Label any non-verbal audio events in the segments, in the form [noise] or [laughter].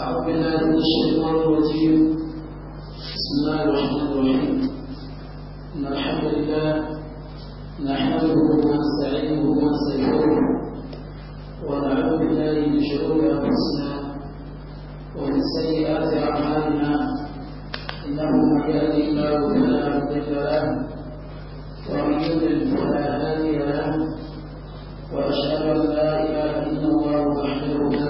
أعوذ بالله من الشيطان الرجيم بسم الله الرحمن الرحيم إن الحمد لله ونستعينه ونستغفره ونعوذ بالله من شرور أنفسنا ومن سيئات أعمالنا إنه من الله فلا مضل له ومن يضلل فلا هادي له وأشهد أن لا إله إلا الله وحده لا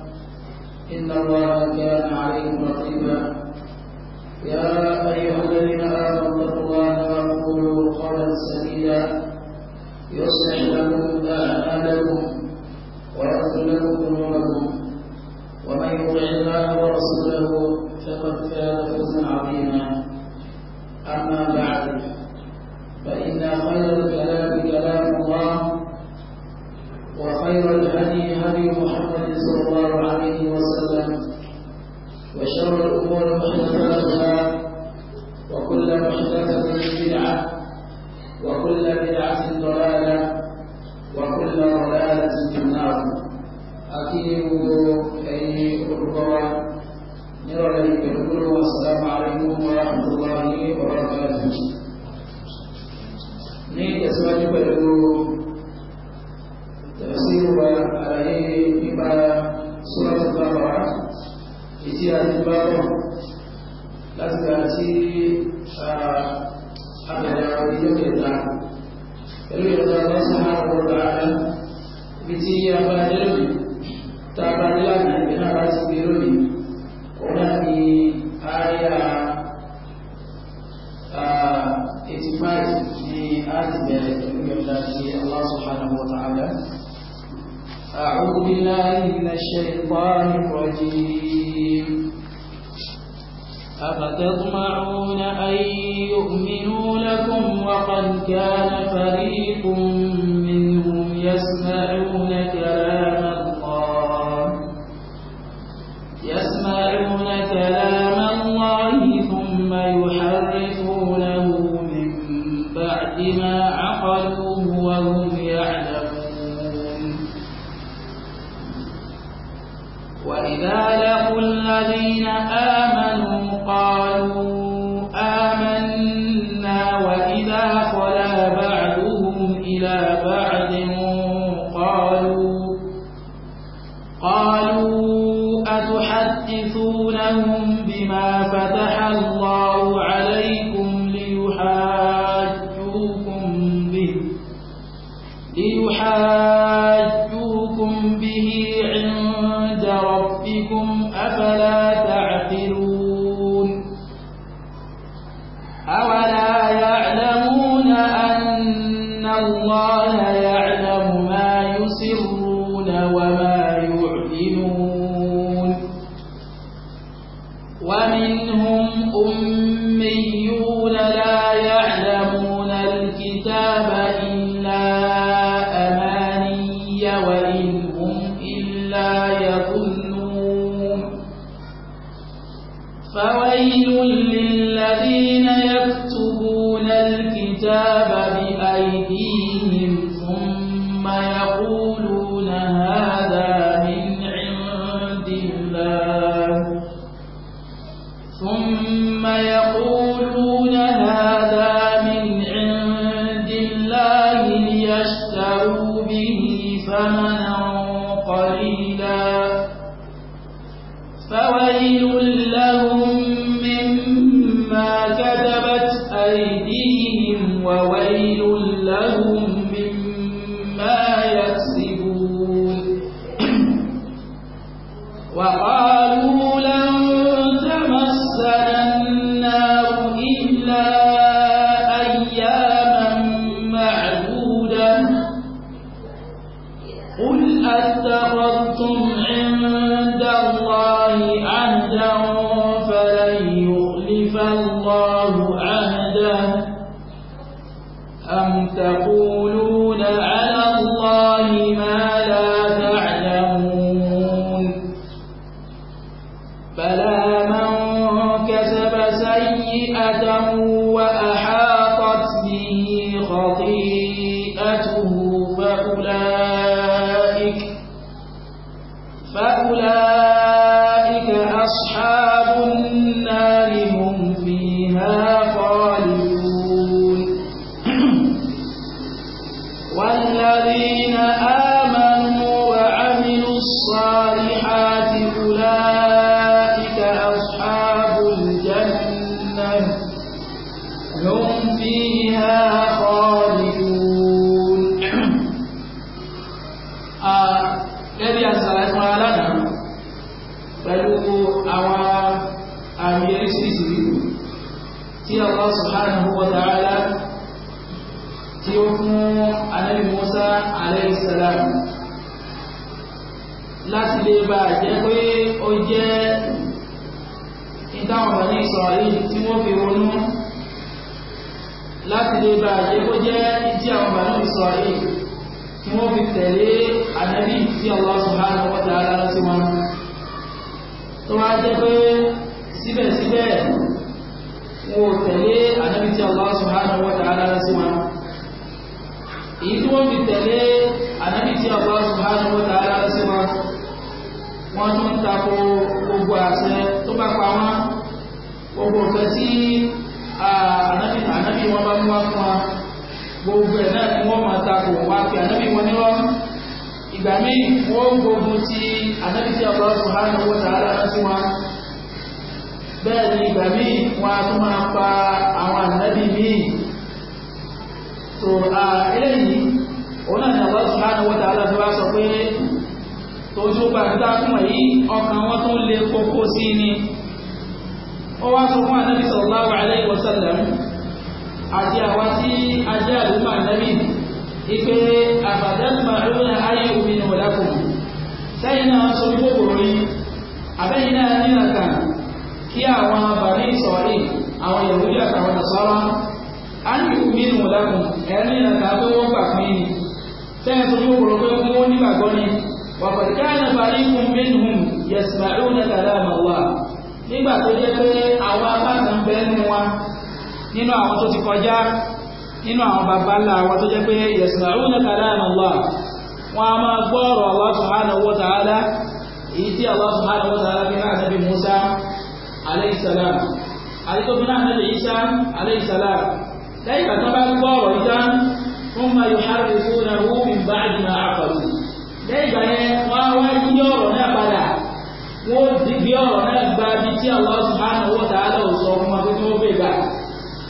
إن الله كان عليكم رقيبا يا أيها الذين آمنوا اتقوا الله وقولوا قولا سديدا يصلح لكم أعمالكم ويغفر لكم ذنوبكم ومن يطع الله ورسوله فقد كان فوزا عظيما أما بعد فإن خير الكلام كلام الله وخير الهدي هدي محمد صلى الله عليه وسلم وشر الأمور محدثاتها وكل محدثة بدعة وكل بدعة ضلالة وكل ضلالة في النار أكيد أي أرقى نرى الكل والسلام عليكم ورحمة الله وبركاته. Ini sesuatu baru تفسير عليه بما سورة الضرعات إتي أتباره لذاتي أبدا ويوم الله فلو يرضى الله سبحانه وتعالى بتي أبدا أتطمعون أن يؤمنوا لكم وقد كان فريق tako gbogbo àṣẹ tó bá pa wọ́n gbogbo nǹkan tí ànábì ànábì wọn bá mú wá fún wa gbogbo ẹ̀ náà ni wọ́n máa tako wọ́n á fi ànábì wọn nírọ́ ìgbà míì wọ́n gbógun ti ànábì tí ọ̀pọ̀ subhanahu wa ta'ala rántí wọn bẹ́ẹ̀ ni ìgbà míì wọ́n á máa pa àwọn ànábì míì tójú gbàgbà fún èyí ọkàn wọn tó ń le kókó sí ni ó wá sọ fún ànábì sallallahu alaihi wasallam àti àwa tí ajé àdúgbò ànábì ipe àbàdàgbà lónà ayé omi ni wọ̀dákùn sẹ́yìn náà sọ ní kòkòrò yìí àbẹ́yìn náà ní àkà kí àwọn bàbí ìsọ̀rí àwọn Yahudi àtàwọn Nasara ayé omi ni wọ̀dákùn ẹ̀rín àkà tó wọ́n gbà fún yìí sẹ́yìn sọ ní kòkòrò pé wọ́n nígbàgbọ́ ni وقد كان فريق منهم يسمعون كلام الله nígbà tó jẹ́ pé àwọn abáàtàn bẹ nínú wa nínú àwọn tó ti kọjá nínú àwọn bàbá ńlá wa tó jẹ́ pé yasma'una kalam Allah wọn a máa gbọ́ ọ̀rọ̀ Allah lẹ́yìn tó bá ọ̀rọ̀ náà gba bí tí Allah subhanahu wa ta'ala ò sọ fún wọn pé kí wọ́n bè gbà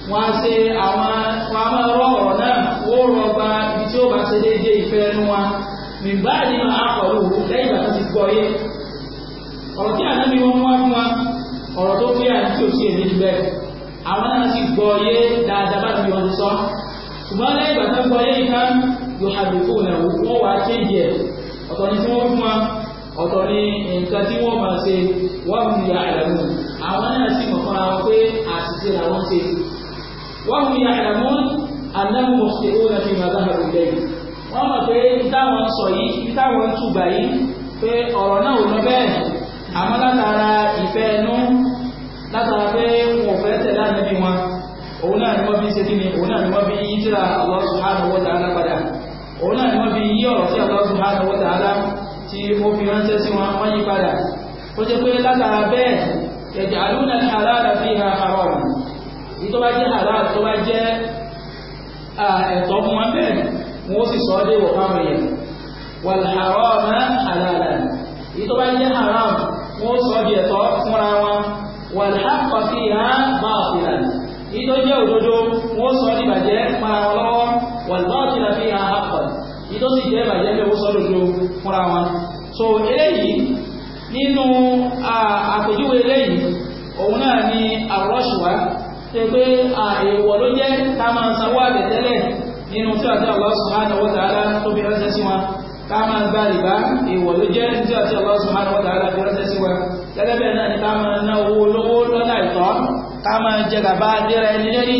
wọ́n á ṣe àwọn wọn á máa rọ ọ̀rọ̀ náà ó rọ gba ibi tí ó bá ṣe déédéé ìfẹ́ ẹnu wa mìgbà ní máa kọ̀lù lẹ́yìn ìgbà tó ti gbọ́ yé ọ̀rọ̀ tí àná mi wọ́n mú wá fún wa ọ̀rọ̀ tó fẹ́ àti tí ò sí èmi níbẹ̀ àwọn náà ti gbọ́ yé dáadáa bá ti sọ ṣùgbọ́n lẹ́yìn ìgbà tó gbọ́ yé ìtàn yóò ọ̀tọ̀ ni nǹkan tí wọ́n máa ṣe wọ́n mú ya àdàmú àwọn náà sì mọ̀ fúnra wọn pé àṣìṣe làwọn ṣe wọ́n mú ya àdàmú anáwó ṣe ó lọ fi màdá àrùn lẹ́yìn wọ́n mọ̀ pé táwọn sọ yìí táwọn túgbà yìí pé ọ̀rọ̀ náà ò lọ bẹ́ẹ̀ àmọ́ látara ìfẹ́ ẹnu látara pé wọn ò fẹ́ tẹ̀lé ànábì wọn òun náà ni wọ́n fi ṣe kí ni òun náà ni wọ́n fi yí tíra Allah subhanahu wa ta'ala padà òun náà ni wọ́n fi yí ọ̀rọ̀ sí Allah subhanahu wa ta'ala tí ó fi ránṣẹ́ sí wọn wọ́n yí padà ó jẹ́ pé látara bẹ́ẹ̀ ẹ̀jẹ̀ àlùnà àlàrà fi ha haram ní tó bá jẹ́ halal tó bá jẹ́ ẹ̀tọ́ fún wọn bẹ́ẹ̀ wọ́n sì sọ ọ́ dé wọ̀ fáwọn èèyàn wal harama halalan ní tó bá tó sì jẹ́ ìbàjẹ́ bẹ́ẹ̀ ó sọ́dọ̀dọ̀ fúnra wọn so eléyìí nínú àpèjúwe eléyìí òun náà ni àrọ́ṣùwá ṣe pé èèwọ̀ ló jẹ́ ká máa sanwó àbẹ̀tẹ́lẹ̀ nínú tí àti Allah subhanahu wa ta'ala tó fi ránṣẹ́ sí wọn ká máa gba rìbá ló jẹ́ tí àti Allah subhanahu wa ta'ala fi ránṣẹ́ sí wa gẹ́gẹ́ bẹ́ẹ̀ náà ni ká máa ná owó olówó lọ́nà àìtọ́ ká máa jẹ gàba dẹ́ra ẹni lẹ́rí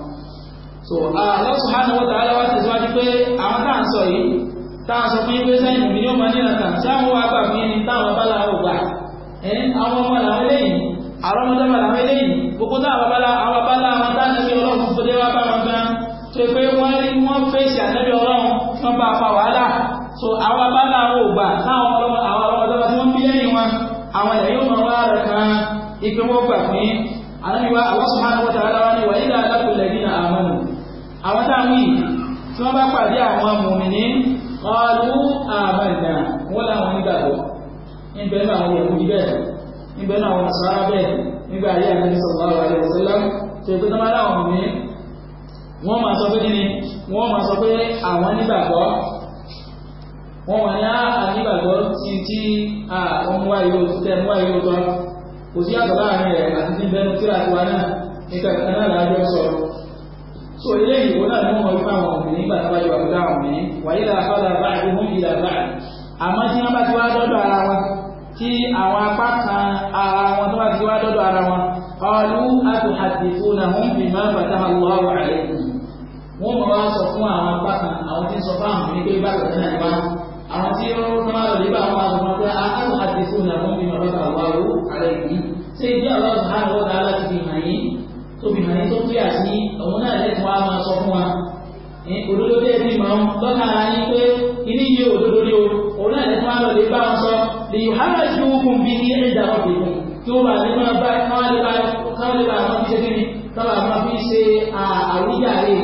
so ah, Allah subhanahu wa ta'ala wá tẹ̀síwájú pé àwọn tá à ń sọ yìí tá à ń sọ fún yín pé sẹ́yìn mi yóò máa nílò kan tí àwọn wá gbà fún yín ni táwọn bá làwọn gbà ẹ̀ àwọn ọmọ làwọn eléyìí àwọn ọmọdé wà làwọn eléyìí gbogbo táwọn bá la àwọn bá la àwọn tá à ń sọ ọlọ́run fúnfún dé wá bá wọn gan tó pé wọ́n rí wọ́n fèsì àtẹ́bí ọlọ́run wọ́n bá fa wàhálà àwọn táwọn yìí tí wọ́n bá pàdé àwọn mùmìnì ọlú àbàdà wọ́n láwọn onígbàgbọ́ níbẹ̀ náà àwọn yẹ̀kú níbẹ̀ níbẹ̀ náà àwọn sọ́ra bẹ́ẹ̀ nígbà ayé àti sallallahu alaihi wasallam tó ìpé tọ́mọ́ láwọn mùmìnì wọ́n máa sọ pé kí ni wọ́n máa sọ pé àwọn onígbàgbọ́ wọ́n wà ní ànígbàgbọ́ tí tí àwọn mú wáyé o tẹ́ mú wáyé o tọ́ kò sí àtọ̀ so eléyìí wọ́n náà ni wọ́n mọ̀ wípé àwọn òbí nígbà tó bá yọ àbúdá àwọn òbí wàyí là sọ́dà báyìí fún ìlà báyìí àmọ́ tí wọ́n bá ti wá dọ́dọ̀ ara wọn tí àwọn apá kan ara wọn tó bá ti wá dọ́dọ̀ ara wọn ọlú àtùhàdìfúnahùn bìmọ̀ bàtà àwọn ọ̀rọ̀ àlẹ́kùn wọ́n mọ̀ wá sọ fún àwọn apá kan àwọn tí ń sọ fáwọn òbí pé bá bàtà náà wá àwọn tí ó ń máa lọ nígbà wọn àwọn ọmọdé àtùhàdìfúnahùn bìmọ̀ àwọn ọ̀rọ̀ àlẹ́kùn ṣé ìdí àwọn ọ̀sán àwọn ọ̀dà aláti fi tóbi mọ̀ ní tó kílíà sí òun náà lẹ́kùn wa máa sọ fún wa òdodo tẹ́ ẹbí mọ̀ lọ́nà ara yín pé ilé yìí òdodo ni o òun náà lẹ́kùn wa lọ lè bá wọn sọ lè yóò hàrà sí ogun bí ní ẹ̀dá ọ̀dẹ̀ kan kí wọ́n bá lè máa bá káwọn lè bá káwọn lè bá àwọn fi ṣe kí ni káwọn àwọn fi ṣe àwíjàre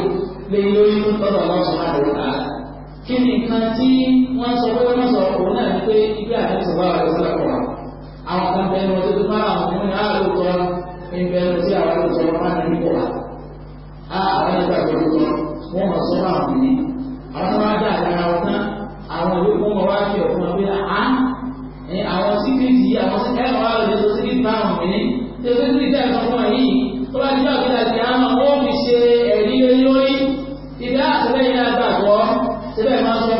lè lórí lọ́dọ̀ wọn sọ máa lọ́wọ́ náà kí ni nǹkan tí wọ́n sọ pé wọ́n sọ òun náà ni pé ibi àti ìsọ̀rọ̀ àwọn ìsọ̀rọ̀ àwọn kan bẹ́ẹ̀ ni wọ́n tó tó máa àwọn ọmọ náà lóòótọ́ ń bẹ ẹnu sí àwọn àwùjọ máa ń nípò wá. a àwọn ẹgbẹ́ àgbẹ̀ ló lọ wọ́n mọ̀ sọ́ máa wù ní. àwọn tó bá dà lára wọn tán àwọn ìlú kún wọn wá fi ọ̀fun ọ̀gbìn àá àwọn síkírìtì yìí àwọn ẹ̀rọ wa lè so síkírìtì máa wù mí ní. tẹ̀sán síkírìtì àìsàn fún ọ yìí tó bá dídá òkúta ti àmọ́ ó fi ṣe ẹ̀rí lórí. ìdá àtẹ̀lẹ́yìn náà gbàgbọ́ síbẹ̀ máa sọ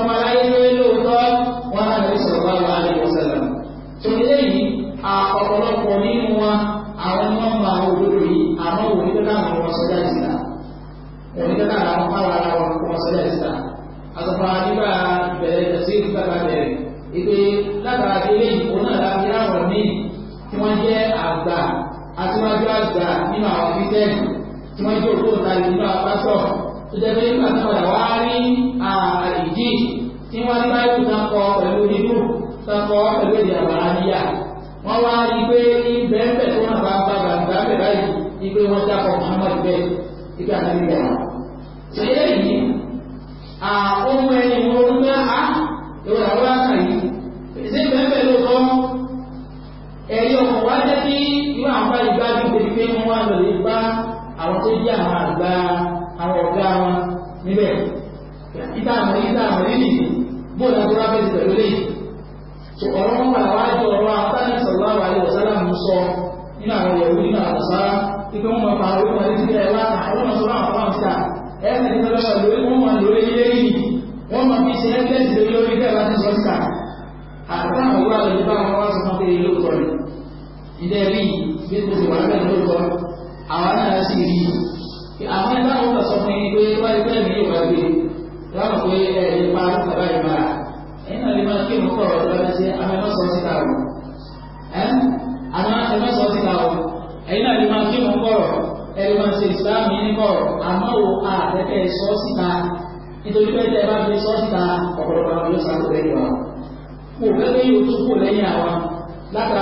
ìjọba àwọn fáwọn ara wọn kó wọn sílẹ̀ síta àtọ̀fà nígbà bẹ̀rẹ̀ tẹ̀sí nígbà bẹ̀rẹ̀ ìpè lábàá délé ìfowó náà láti ráwọn míì tí wọ́n jẹ́ àgbà àtiwájú àgbà nínú àwọn kristẹni tí wọ́n jẹ́ òkú òǹtarí nínú àwọn pásọ̀ tó jẹ́ pé nígbà tí wọ́n wá rí ìdí tí wọ́n rí báyìí tó kọ pẹ̀lú nínú tó kọ pẹ̀lú èdè àwọn aníyà wọ́n wá rí pé ibẹ̀ ń ṣe eléyìí àwọn ẹni wọn ń gbá á ìwọ làwọn àkà yìí ṣe bẹ́ẹ̀ lóòótọ́ ẹ̀rí ọkọ̀ wá jẹ́ kí irú àwọn bá ìgbà bí pé pé wọ́n wá lọ lè bá àwọn tó jẹ́ àwọn àgbà àwọn ṣùgbọ́n nítorí pé tẹ́ bá fi sọ́ síta ọ̀pọ̀lọpọ̀ àwọn yóò sáré lẹ́yìn wa kò fẹ́ kí yóò tún kò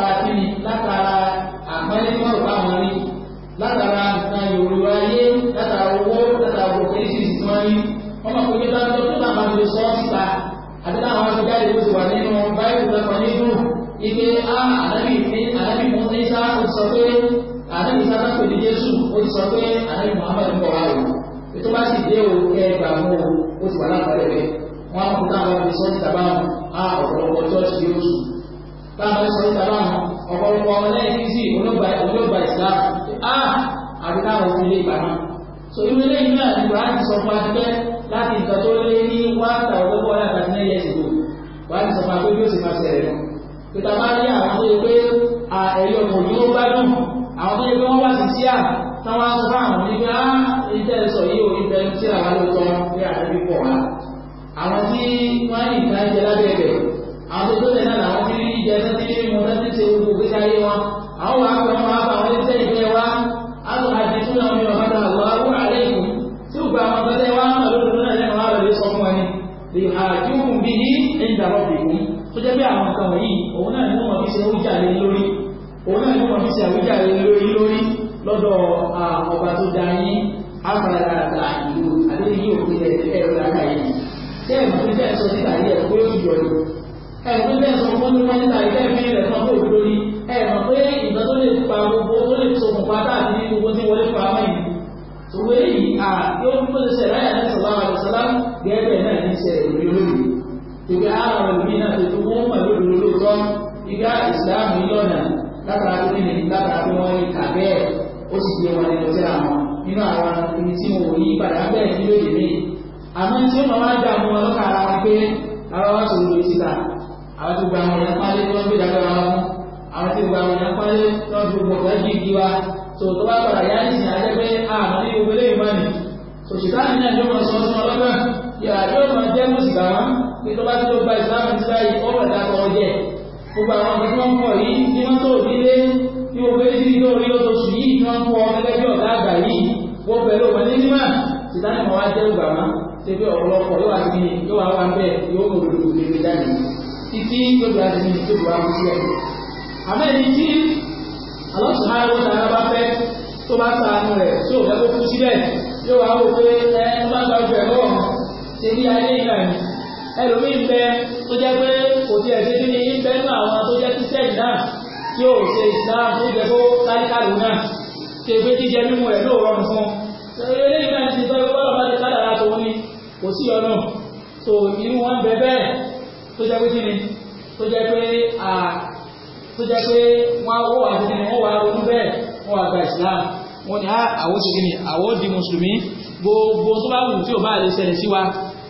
àtẹ̀gbẹ́lẹ̀ náà làwọn fi rí jẹ lọ́sí mímu lọ́sí ṣe gbogbo gbéga yé wọn àwọn wàá pẹ́ wọn bá wọn lẹ́sẹ̀ ìfẹ́ wa àwọn àdìsú náà mi ò hàdà lọ àwọn àlẹ́ ìkù tí ó gba àwọn tọ́lẹ̀ wa náà lódodo náà lẹ́nu wa lọ́lẹ́ sọ fún wọn ni àdìhùn bí ní ẹ̀ńdàrọ̀ bìkún tó jẹ́ bí àwọn kan wọ̀nyí òun náà ni wọ́n fi ṣe àwùjá lé lórí òun náà ni wọ́n fi ṣe àwùjá lé lórí lórí lọ́dọ̀ ọba tó da yín àgbàlagbà ìlú àdéhùn ẹgbẹ́ bẹ́ẹ̀ sọ fún nípa níta ilé ẹgbẹ́ rẹ̀ sọ fún lórí love you.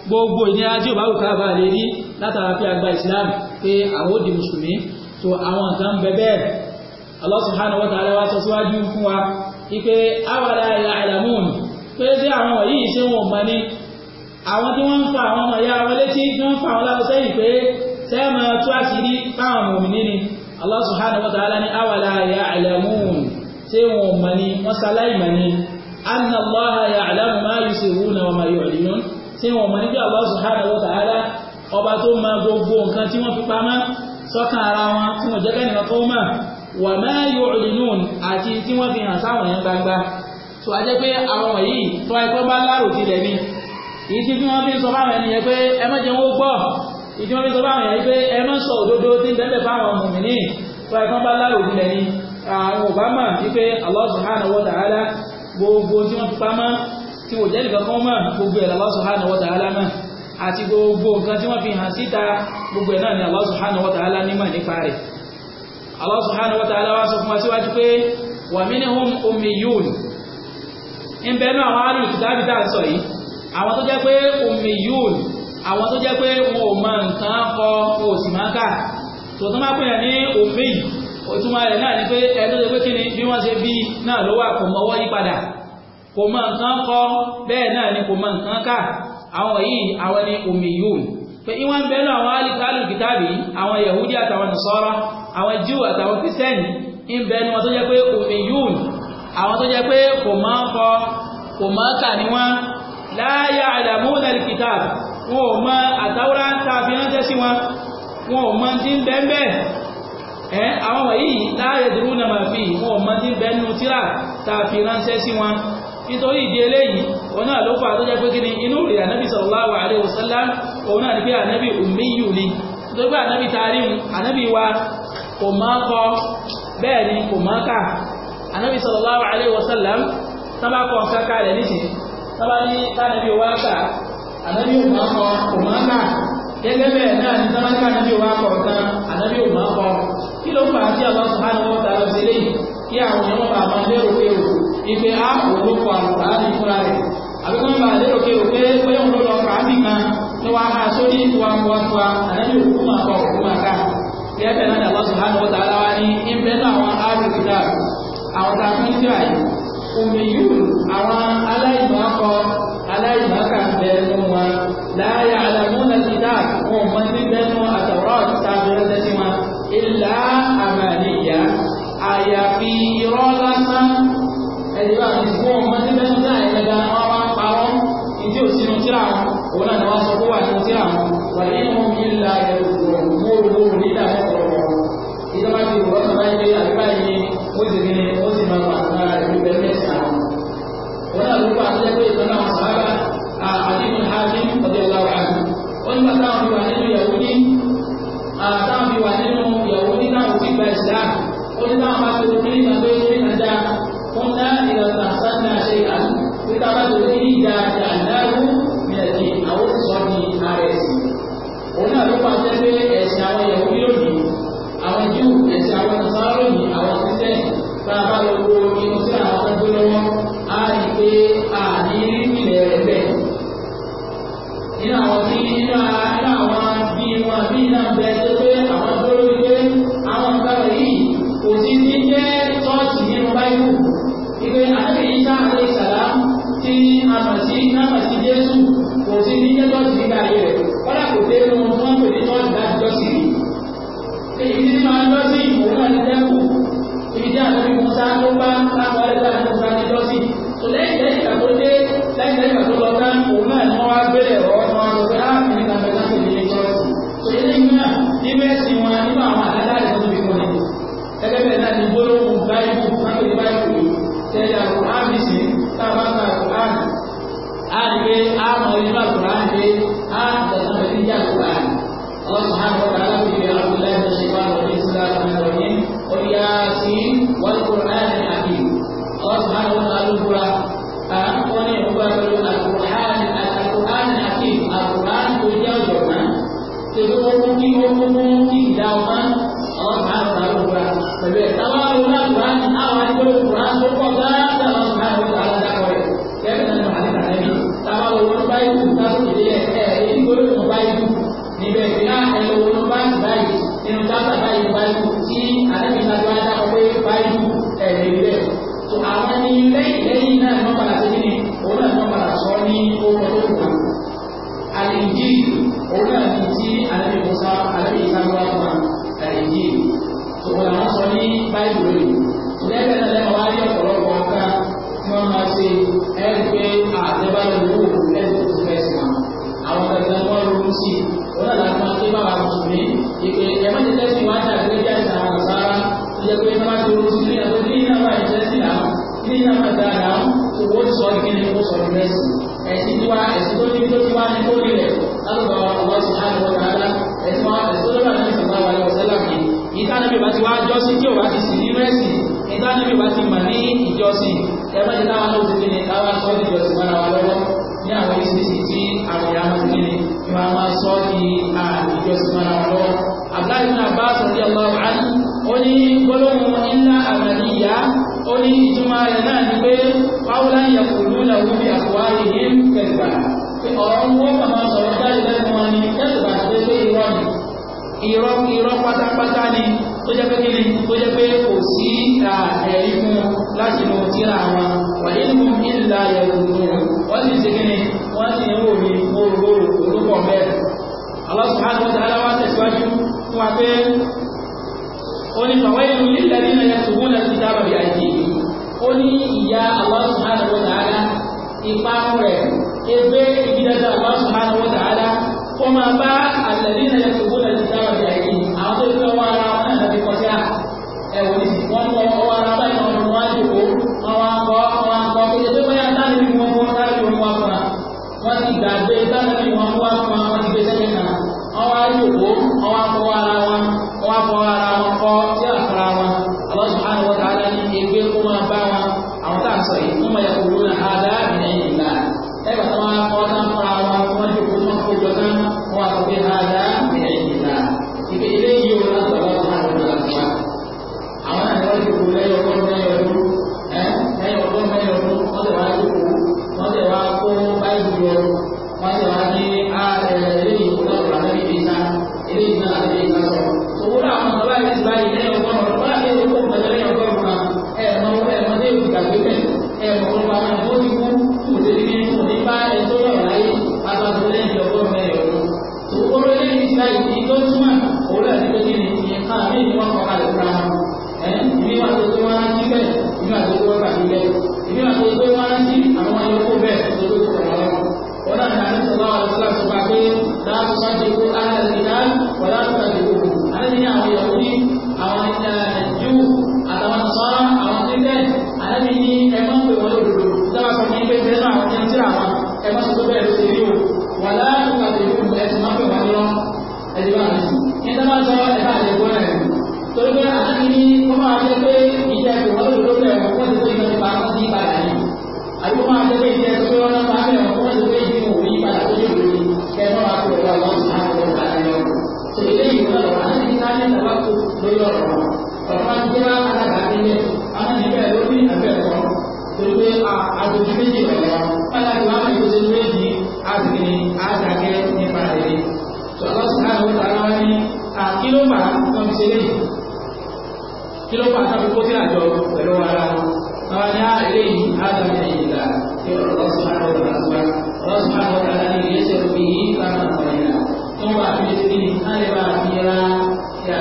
gbogbo ìnira tí ò bá wù ká bá lè rí látara pé àgbà ìsìlámù pé àwọn òdì mùsùlùmí tó àwọn nǹkan bẹ bẹ́ẹ̀ Allah subhanahu wa ta'ala sọ síwájú fún wa ipe awàdà ya'lamun pé sí àwọn wọ̀nyí ṣé wọn mọ̀ ni àwọn tí wọ́n ń fa àwọn ọmọ ya wọn létí tí wọ́n ń fa àwọn láwọn sẹ́yìn pé sẹ́ẹ̀mọ̀ tó àṣírí fáwọn mòmìnì ni Allah subhanahu wa ta'ala ní awàdà ya'lamun ṣé wọn mọ̀ ni wọ́n ṣaláìmọ̀ ni anna Allah ya'lamu ma yusirruna wa ma yu'linun tí wọ́n mọ̀ níbi Allah subhanahu wa ta'ala ọba tó ma gbogbo nǹkan tí wọ́n fi pamọ́ sọ́kàn ara wọn tí wọ́n jẹ́kẹ́ nìkan kó mọ̀ wa ma yu'linun àti tí wọ́n fi hàn sáwọn yẹn gbangba tó a jẹ́ pé àwọn wọ̀nyí tó ẹgbẹ́ bá lárò tilẹ̀ ni ìdí tí wọ́n fi sọ fáwọn ẹni yẹn pé ẹ má jẹun ó gbọ́ ìdí wọ́n fi sọ fáwọn ẹni pé ẹ má sọ òdodo tí ń bẹ́ẹ̀ fáwọn mùmìnì tó ẹgbẹ́ bá tí wò jẹ́ nìkan kan mọ̀ gbogbo ẹ̀ Allah subhanahu àti gbogbo nǹkan tí wọ́n fi hàn síta gbogbo ẹ̀ náà ni Allah subhanahu nímọ̀ nípa rẹ̀ Allah subhanahu wá sọ fún wa kò mọ nǹkan kọ bẹ́ẹ̀ náà ni kò mọ nǹkan kà àwọn yìí àwọn ni umiyun pé ìwọ̀n àwọn alìkálù kìtàbí àwọn yahudi àtàwọn nasara àwọn jíù àtàwọn kìsẹ́nì ń bẹ́ẹ̀ ni tó jẹ́ pé umiyun àwọn tó jẹ́ pé kò mọ kọ ni la ya alkitab wọn ò mọ àtàwọ́rá ń ta fi sí wọn wọn ò mọ tí ń bẹ́ẹ̀ nítorí ìdí eléyìí òun náà ló fà tó jẹ́ pé kí ni inú rẹ̀ ànábì sallallahu alaihi wasallam òun náà ní pé ànábì ummiyu ni nítorí pé ànábì taari ànábì wa kò máa kọ bẹ́ẹ̀ ni kò máa kà ànábì sallallahu alaihi wasallam sábà kọ nǹkan ká rẹ̀ nísìnyí sábà ní tánàbí wa kà ànábì ò máa kọ kọ ipe a òwúrọ̀kọ̀ àlùkò àti ìfúra rẹ̀ àbíkọ́ ń bà lérò pé òpé bóyá òun ló lọ kà á bì kan tó wá ha sórí tiwantiwantiwa àlẹ́bí òkú máa kọ òkú máa ká bí ẹ bẹ̀rẹ̀ náà lọ́sùn hánà wọ́n tààrà wá ní ìbẹ́ náà àwọn áfíríkà àwọn tá a fún síra yìí omi yìí ìlà àmàlìyà àyàfi ìrọ́lá Allah Subhanahu wa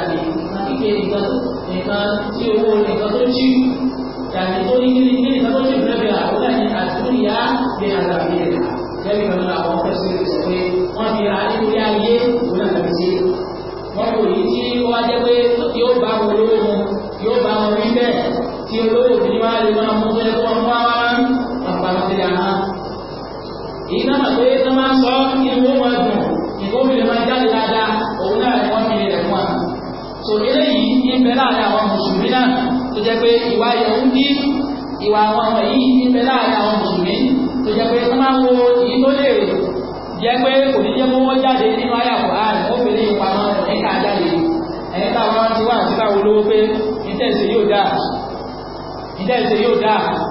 ṣe ìpè nìkan nìkan tí owó nìkan tó ṣí yàtì tó ní kíni ní nìkan tó ṣe bẹ̀rẹ̀ àwọn náà ní àtúnyà ní àgbàgbé rẹ̀ lẹ́yìn kan náà àwọn fẹ́sẹ̀ rẹ̀ sọ pé wọ́n fi àdéhùn ayé òun náà tàbí ní tí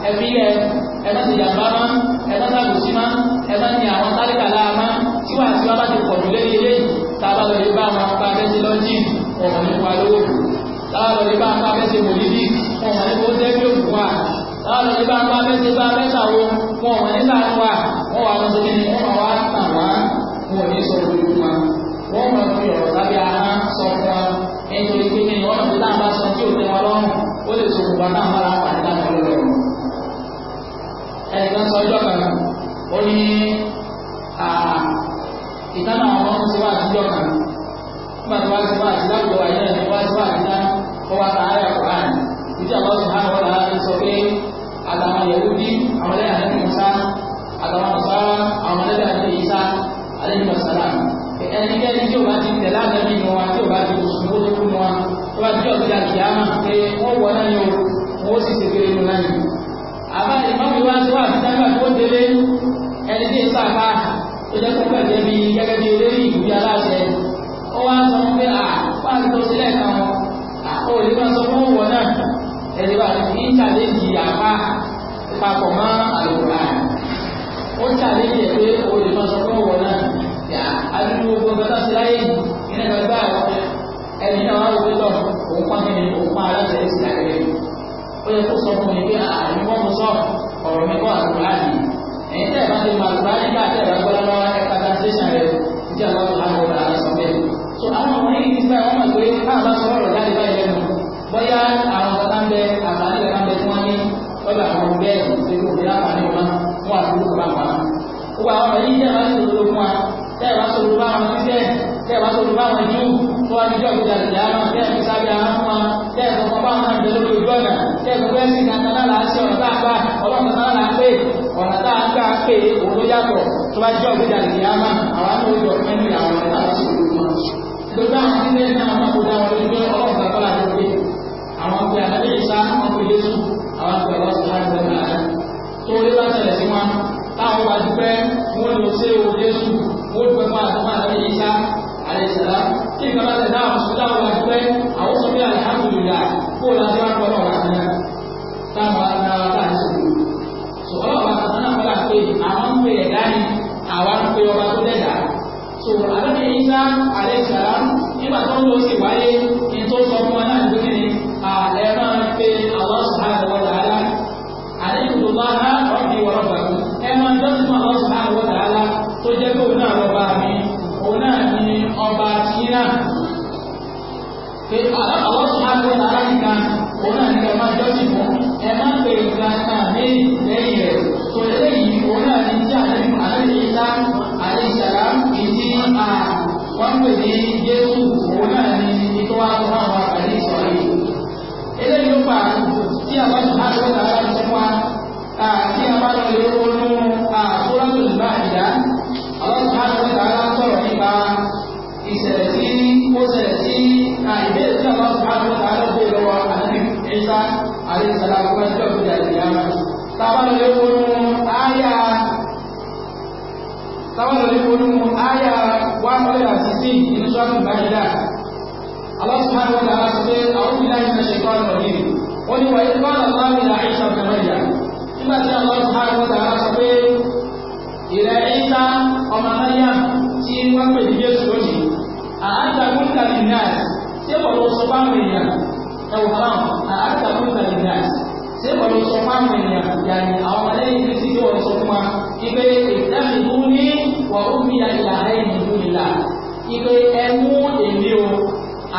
every ó yẹ kó sọ fún mi pé àìmọ́ ah, mo sọ ọ̀rọ̀ mi kọ́ àlùkùránì ẹ̀yin tẹ́ bá ti mọ àlùkùránì gbà tẹ́ ẹ̀ bá ọ̀nà tá a gbà ọlọ́run náà là ń pè ọ̀nà tá a gbà pé òun ló yàtọ̀ tó bá jẹ́ ọ̀gbẹ́dà lè yá má àwọn náà ó yọ ẹnu ìyàwó ọ̀nà tá a ṣe lórí wọn. gbogbo àwọn tí ilé náà máa kó dá wọn lórí pé táwọn bá dúpẹ́ wọn lọ sí ewu Jésù wọn dúpẹ́ àtúmọ̀ táwọn lórí olú ayà 160 nínú sọ́tù báyìí Allah subhanahu wa ta'ala sọ pé àwọn ìlà ìlà ṣètò ọ̀rọ̀ yìí wọ́n ni wà ní bá àwọn ìlà ìṣà ọ̀gbẹ̀mẹ̀yà nígbà tí Allah subhanahu wa ta'ala sọ pé ìrẹ̀ ìta ọmọ amáyà tí wọ́n pè ní ṣé pẹ̀lú sọ fáwọn ènìyàn yàní àwọn ọmọlẹ́yìn tí tí wọ́n sọ fún wa ipe ìdámìlú ní wà ó fi ìlà ẹ̀yìn ìlú ìlà ipe ẹmú èmi o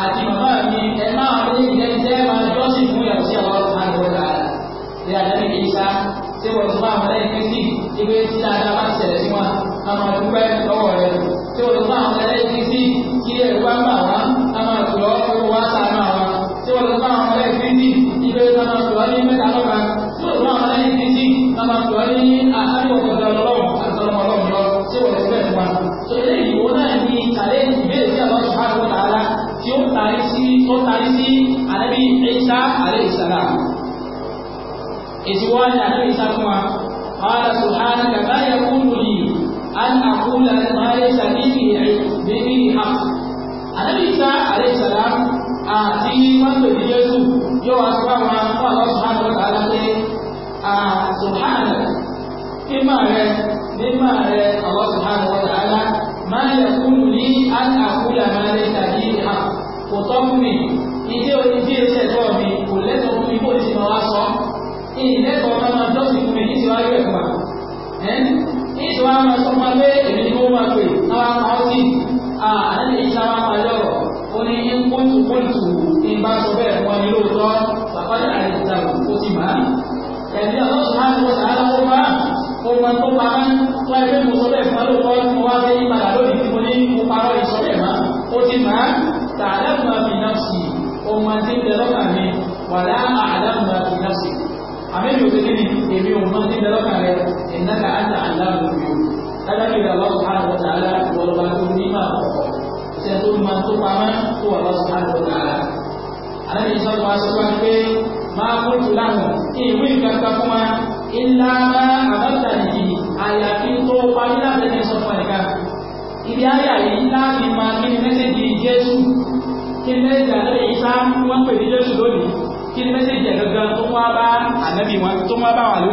àti màmá mi ẹ máa ọmọlẹ́yìn lẹ́yìn tẹ́ máa jọ́sìn fún yàtọ̀ sí àwọn ọ̀sán àwọn ọ̀gá rẹ̀ bí àdáni kì í sá ṣé wọ́n sọ fáwọn ọmọlẹ́yìn tí tí ipe tí dáadáa bá ṣẹlẹ̀ sí wọn àwọn ọdún pẹ́ lọ́wọ́ rẹ̀ ṣé wọ́n sọ fáwọn ọmọlẹ́yìn tí tí kí ẹ̀rù bá gbà رضوان أبي سقوى قال سبحانك ما يكون لي أن أقول ما ليس به حق النبي عيسى عليه السلام àti mọ́tò ní Jésù yóò wá sọ́kà wọn fún àwọn sùhánù wọn kàá lọ́sẹ̀ àsùhánù mímọ̀ rẹ mímọ̀ rẹ àwọn sùhánù wọn kàá lá máa yẹ kúrú ní àtàkù. máa sọ fún pé èmi ni wọ́n máa pè sáwá pàó sí àlẹ́ yìí sáwá pàjọ́ ó ní kóòtù kóòtù ní bá sọ bẹ́ẹ̀ fún mi lóòótọ́ bàbáyà àìsàn ó ti máa ẹ̀mí ọlọ́sùn máa ń wọ sàárà ó bá ohun tó pa á tó ẹgbẹ́ mo sọ bẹ́ẹ̀ fún alóòótọ́ mo wá fẹ́ yípadà lónìí tí mo ní mo parọ́ ìsọ bẹ́ẹ̀ máa ó ti máa tààlẹ́ mọ́ àbìnà sí ohun èmi ò mọ́ tí ń bẹ lọ́kàn rẹ̀ ìnáka àtà àdàmù Allah subhanahu wa ta'ala wọlọba tó lima. máa kọ̀kọ̀ ṣe tó Allah subhanahu wa ta'ala. Àlẹ́ ìṣọ́ wa sọ wá pé máa kó ìtù láwọn kí ìwé ìkàkà fún wa ilá máa àbáta nìyí àyàfi tó parí láti ẹni sọ fún ẹ̀ka. Ibi ayé àyè láti máa kí ni mẹ́sẹ̀gì Jésù kí ni mẹ́sẹ̀gì àtẹ́lẹ̀ Ìsá wọ́n pè ní Jésù lónìí kí ni mẹ́sẹ̀gì ẹ̀gangan tó wá bá ànábì wọn tó wá bá àwọn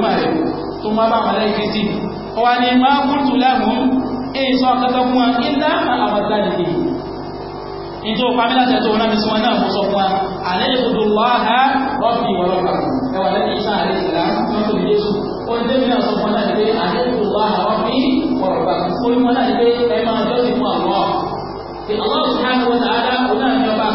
àlùmọ̀ èyí sọ kankan fún wa ilá àlàbàtà nìyí nítorí o pàmílà tẹ̀tọ̀ wọn láti sún náà mú sọ fún wa àlẹ́ ìbùdó wàhá rọ́bì ìwọ̀lọ́pàá ẹwà lẹ́yìn iṣẹ́ àlẹ́ ìlà wọn tóbi lẹ́sù ó ní tẹ́mi náà sọ fún wa láti pé àlẹ́ ìbùdó wàhá rọ́bì ìwọ̀lọ́pàá ó ní wọn láti pé ẹ máa jọ́sìn fún àwọn pé Allah subhanahu wa ta'ala òun náà ọba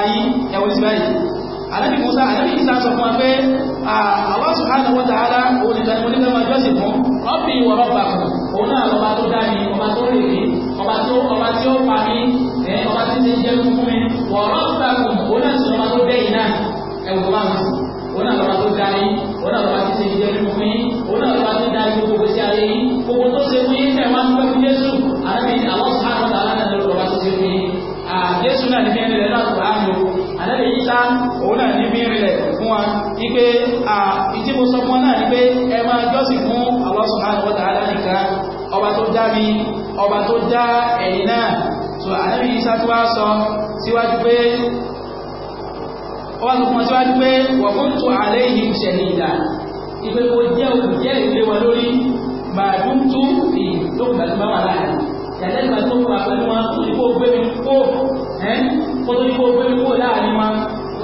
tó ọ̀rọ̀ sí báyìí ànábì Musa ànábì Isa sọ fún wa pé Allah subhanahu wa ta'ala òun nìkan ni mo ní kẹ́mọ́ jọ́sìn fún Rabbi wa rabbakum òun náà ọba tó dá mi ọba tó rè mí ọba tí ó ọba tí ó pa mí ọba tí ti jẹ́ fún mi wa rabbakum òun náà sọ ọba tó dẹ́yìn náà ẹ̀wọ̀n bá mi òun náà ọba tó dá mi òun náà ọba tí ti jẹ́ fún mi fún wa wípé ìtí mo sọ fún wa náà ni pé ẹ jọ́sìn fún Allah subhanahu wa ta'ala nìkan ọba tó dá mi ọba tó dá ẹ̀yin náà so ànábì Ìsá tó wá sọ síwájú pé ọba tó kún síwájú pé wa kuntu alayhim shahida ìpè kò jẹ́ olùjẹ́ ìpè wọn lórí màá dùn tú fi lókùnbà tó bá wà láàrin yàtọ̀ ìgbà tó wà pẹ̀lú wọn kó tó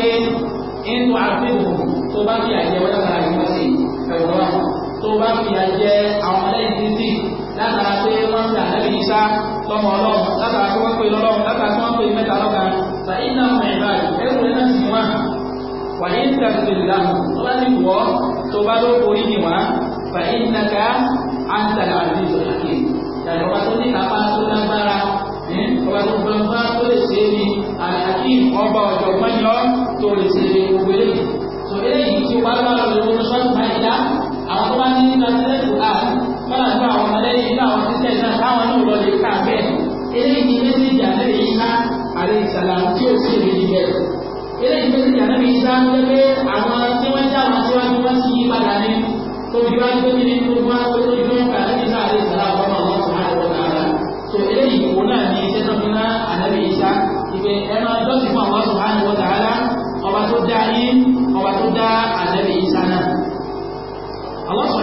pé inú àfihàn tó bá fi àjẹ wọ́n lára ìwọ́n sí ẹ̀rọ tó bá fi àjẹ àwọn ọlẹ́yìn títí látara pé wọ́n fi àlẹ́bí ìṣá lọ́mọ ọlọ́run látara pé wọ́n pè lọ́lọ́run látara pé wọ́n pè mẹ́ta lọ́ka ta iná ọmọ ìbá ẹrù ẹ̀ náà sì wá wà ní ìtàkùnlélá tó bá sì wọ́ tó bá ló borí ni wá fa iná ká àǹtàlà àti ìtòlákè ìyàrá wa tó ní kápá tó ní àlàkì tó lè ṣe gbogbo eléyìí tó eléyìí tí wàá lọ́wọ́ lọ́wọ́ lọ́wọ́ sọ́ọ̀tù máa ń dá àwọn tó bá ní nínú àtẹ́lẹ́kù à fọ́nà ní àwọn ọmọlẹ́yìn nínú àwọn kristian náà táwọn náà lọ lè kà bẹ́ẹ̀ eléyìí ni mẹ́sẹ̀jì àlẹ́ yìí ká àlẹ́ ìsàlà tí ò sí ìrìn bẹ́ẹ̀ eléyìí mẹ́sẹ̀jì àlẹ́ yìí ká pé àwọn tí wọ́n já wọn síwájú wọn sì yí padà ní tó fi wájú pé kí ni gbogbo wọn tó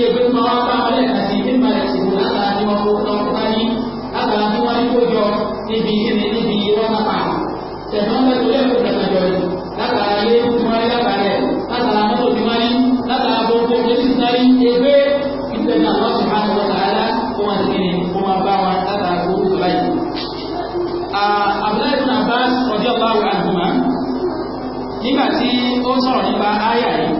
ṣe pé máa bá ọlẹ́ àti nípa ìṣòro látara ní wọn kó lọ bá ní látara tí wọ́n ní kó jọ níbi kíni níbi ìwọ́n náà pa. tẹ̀sán bẹ́ẹ̀ tó lẹ́kọ̀ọ́ tẹ̀sán jọ ni látara ilé tí wọ́n rí látara ẹ̀ látara mọ́tò tí wọ́n rí látara gbogbo tó ti sáré ewé ìfẹ́ náà wọ́n sì máa tọwọ́ tààlà kó wọn ti kíni kó máa bá nígbà tí ó sọ̀rọ̀ nípa áyà yìí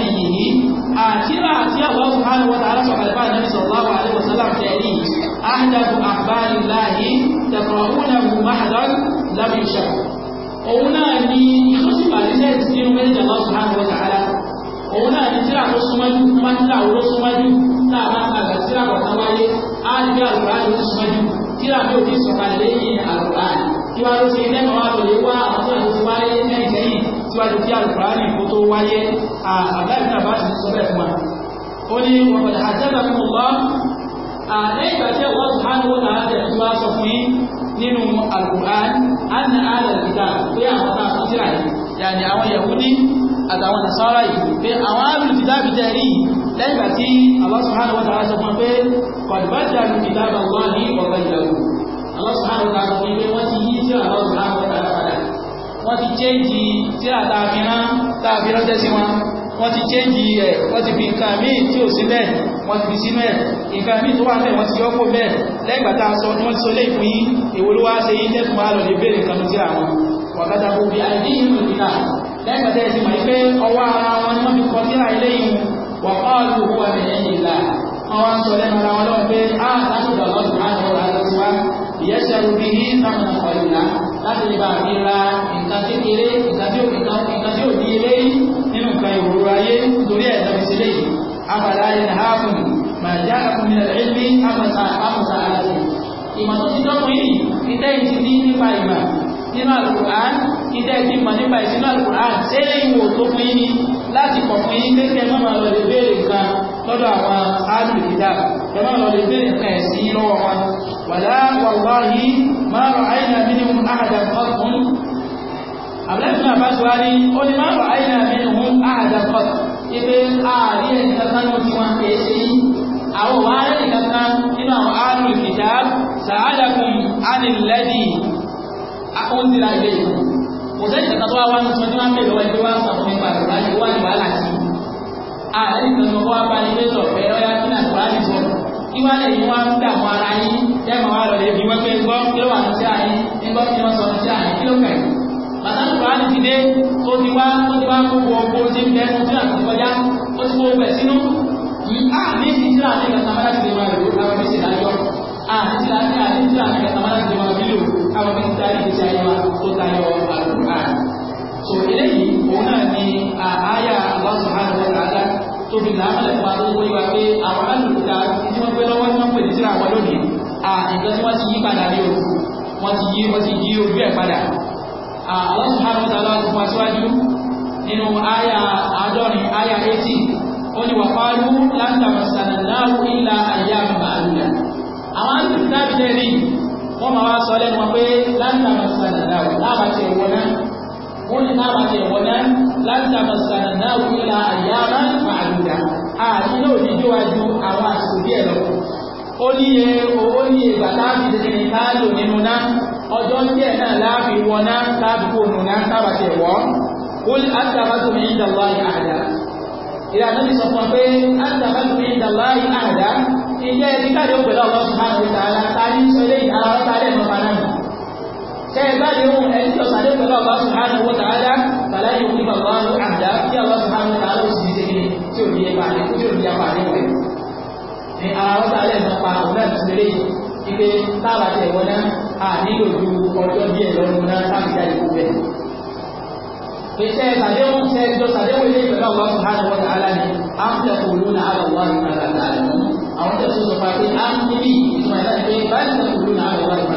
tíra àti àwọn ọ̀hánà wọ́n tààrà sọ̀rọ̀ bá nàbí sallallahu alaihi wasallam tẹ̀lé ahdafu akhbari llahi taqra'unahu mahdan lam yushab òun náà ni ìtúsí pàdésẹ̀ tí ó mẹ́rin jàmbá subhanahu wa ta'ala òun náà ni tíra tó súnmọ́jú máa ń síwájú tí alùpàánì kó tó wáyé àbáyìí bá ti sọ bẹ́ẹ̀ fún wa ó ní wọn pẹ̀lú àjẹ́bẹ̀ fún wa lẹ́yìn ìgbà tí ọwọ́ sùhánù ó náà jẹ́ tí wàá sọ fún yín nínú alùpàánì á ní àlẹ́ ìgbà pé àwọn náà tó síra yìí yàní àwọn yahudi àtàwọn nasara yìí pé àwọn alùpàánì ti dábì lẹ́yìn ìgbà wọ́n ti wọ́n ti chéńjì tí àtàfihàn tààfihàn tẹ́sí wọn wọ́n ti chéńjì ẹ̀ wọ́n ti fi nǹkan míì tí ò sí bẹ́ẹ̀ wọ́n ti fi sí mẹ́ nǹkan míì tó wà mẹ́ wọ́n ti yọ́pọ̀ bẹ́ẹ̀ lẹ́gbàtà sọ ni wọ́n ti sọ lé ìfún yí èwo ló wá ṣe yí tẹ́tù máa lọ lè béèrè nǹkan tó síra wọn wàkàtà kò bí àìdí ìlú ìlà lẹ́gbàtà ẹ̀sìn máa pé ọwọ́ ara wọn ni wọ́n fi kọ́ síra ilé yìí wà láti lè bá fi ra nǹkan tí kéré nǹkan tí ò ní ilé nínú nǹkan ìwòrò ayé torí ẹ̀sẹ̀ fi sílé yìí afàdá ilẹ̀ haakùn mà já àkùnrin rẹ̀ ní àmọ̀sà àmọ̀sà aláṣẹ ìmọ̀ tó ti dọ́kun yìí ìtẹ́ ìtì ní nípa ìmọ̀ nínú Al-Qur'an ìtẹ́ ìtì mọ̀ nípa ìsinú Al-Qur'an ṣé ìwò tó fún yín ni láti wàlá wàláhì máa rọ̀ àìnà mínú àhàdà kọ́tùn àbúlẹ́bùn àbáṣọ́wá ní ó ní máa rọ̀ àìnà mínú àhàdà kọ́tùn ipe ààrí ẹ̀nìkankan ní ti wọn kìí sí àwọn wà á rẹ̀nìkankan nínú àwọn ààrùn ìfìdá sàádàkùn ánìlẹ́dì akóńtìlá ilé kò sẹ́yìn kankan tó wá wá tuntun ní wọn bèèrè wọn wá sàn fún nípa ìwádìí wà ní wàhálà ààrẹ nìkan bá ní pé sọ̀rọ̀ ẹ̀rọ yá náà kúrò ní sọ̀rọ̀ ìwálẹ̀ yìí wá ń dààmú ara yín dẹ́mọ̀ wá lọ lè bí wọ́n pé gbọ́ kí ló wà ní sí àyín nígbọ́ kí wọ́n sọ ní sí àyín kí ló kẹ̀. bàtà tó wá ti dé ó ti wá ó ti wá gbogbo owó tí ń bẹ fún tí àti kọjá ó ti gbogbo ẹ̀ sínú. a ní ti sí àti ìgbàsá máa ti lè máa lò káwọn fi ṣèdájọ́ a ní ti àti àti ti àti ìgbàsá máa ti lè máa bílò káwọn fi dá ìgbésí ayé wa tó tayọ àlùkò tó fi làámọ̀lẹ̀ pa tó wọ́n wá pé àwọn alùpùpù tí wọ́n gbé lọ́wọ́ tí wọ́n pè ní síra wọn lónìí à nǹkan tí wọ́n ti yí padà ní o wọ́n ti yí wọ́n ti yí ojú ẹ̀ padà àwọn sùhánù tààlà tó wá síwájú nínú àyà àádọ́rin àyà 18 ó ní wà fáálú látàmọ̀sánà náà ìlà àyà màálùyà àwọn alùpùpù náà bìtẹ́ rí wọ́n máa wá sọ lẹ́nu wọn pé látàmọ̀sánà náà láwọn àti ẹ̀wọ̀n قلنا وجهنا لن تمسناه إلا أياما معدودة àti náà ní níwájú àwọn àsìkò díẹ̀ lọ ó ní iye owó ní ìgbà táàbì tẹ̀lé káàlò nínú náà ọjọ́ díẹ̀ náà láàbì wọná táàbì kò nù náà tábàtì ẹ̀wọ́ ó ní àtàbàtùmí ìdàlọ́ àdá ìyàtọ̀ ti sọ fún pé àtàbàtùmí ìdàlọ́ àdá ìjẹ́ ẹni káàdì ó pẹ̀lú ọlọ́sùn máa tẹ́ ẹ bá lè mú ẹni tó Allah subhanahu wa ta'ala bàlá yóò ní bàbá Allah subhanahu ta'ala ó sì ní sẹ́kìnì tí ò ní ẹ̀bà rẹ̀ tí ò ní ẹ̀bà rẹ̀ rẹ̀. ní ara wọn sáré ẹ̀sán pa àwọn náà ti lè ike táàbà tẹ̀ wọn náà à nílò ju ọjọ́ díẹ̀ lọ́rùn náà láti Allah subhanahu wa ta'ala ni à ń tẹ̀ kúrú náà àlọ́ wọn àwọn tẹ̀ sọ sọ pàtó à ń ìlànà pé báyìí tẹ̀ kúrú náà àlọ́ wọn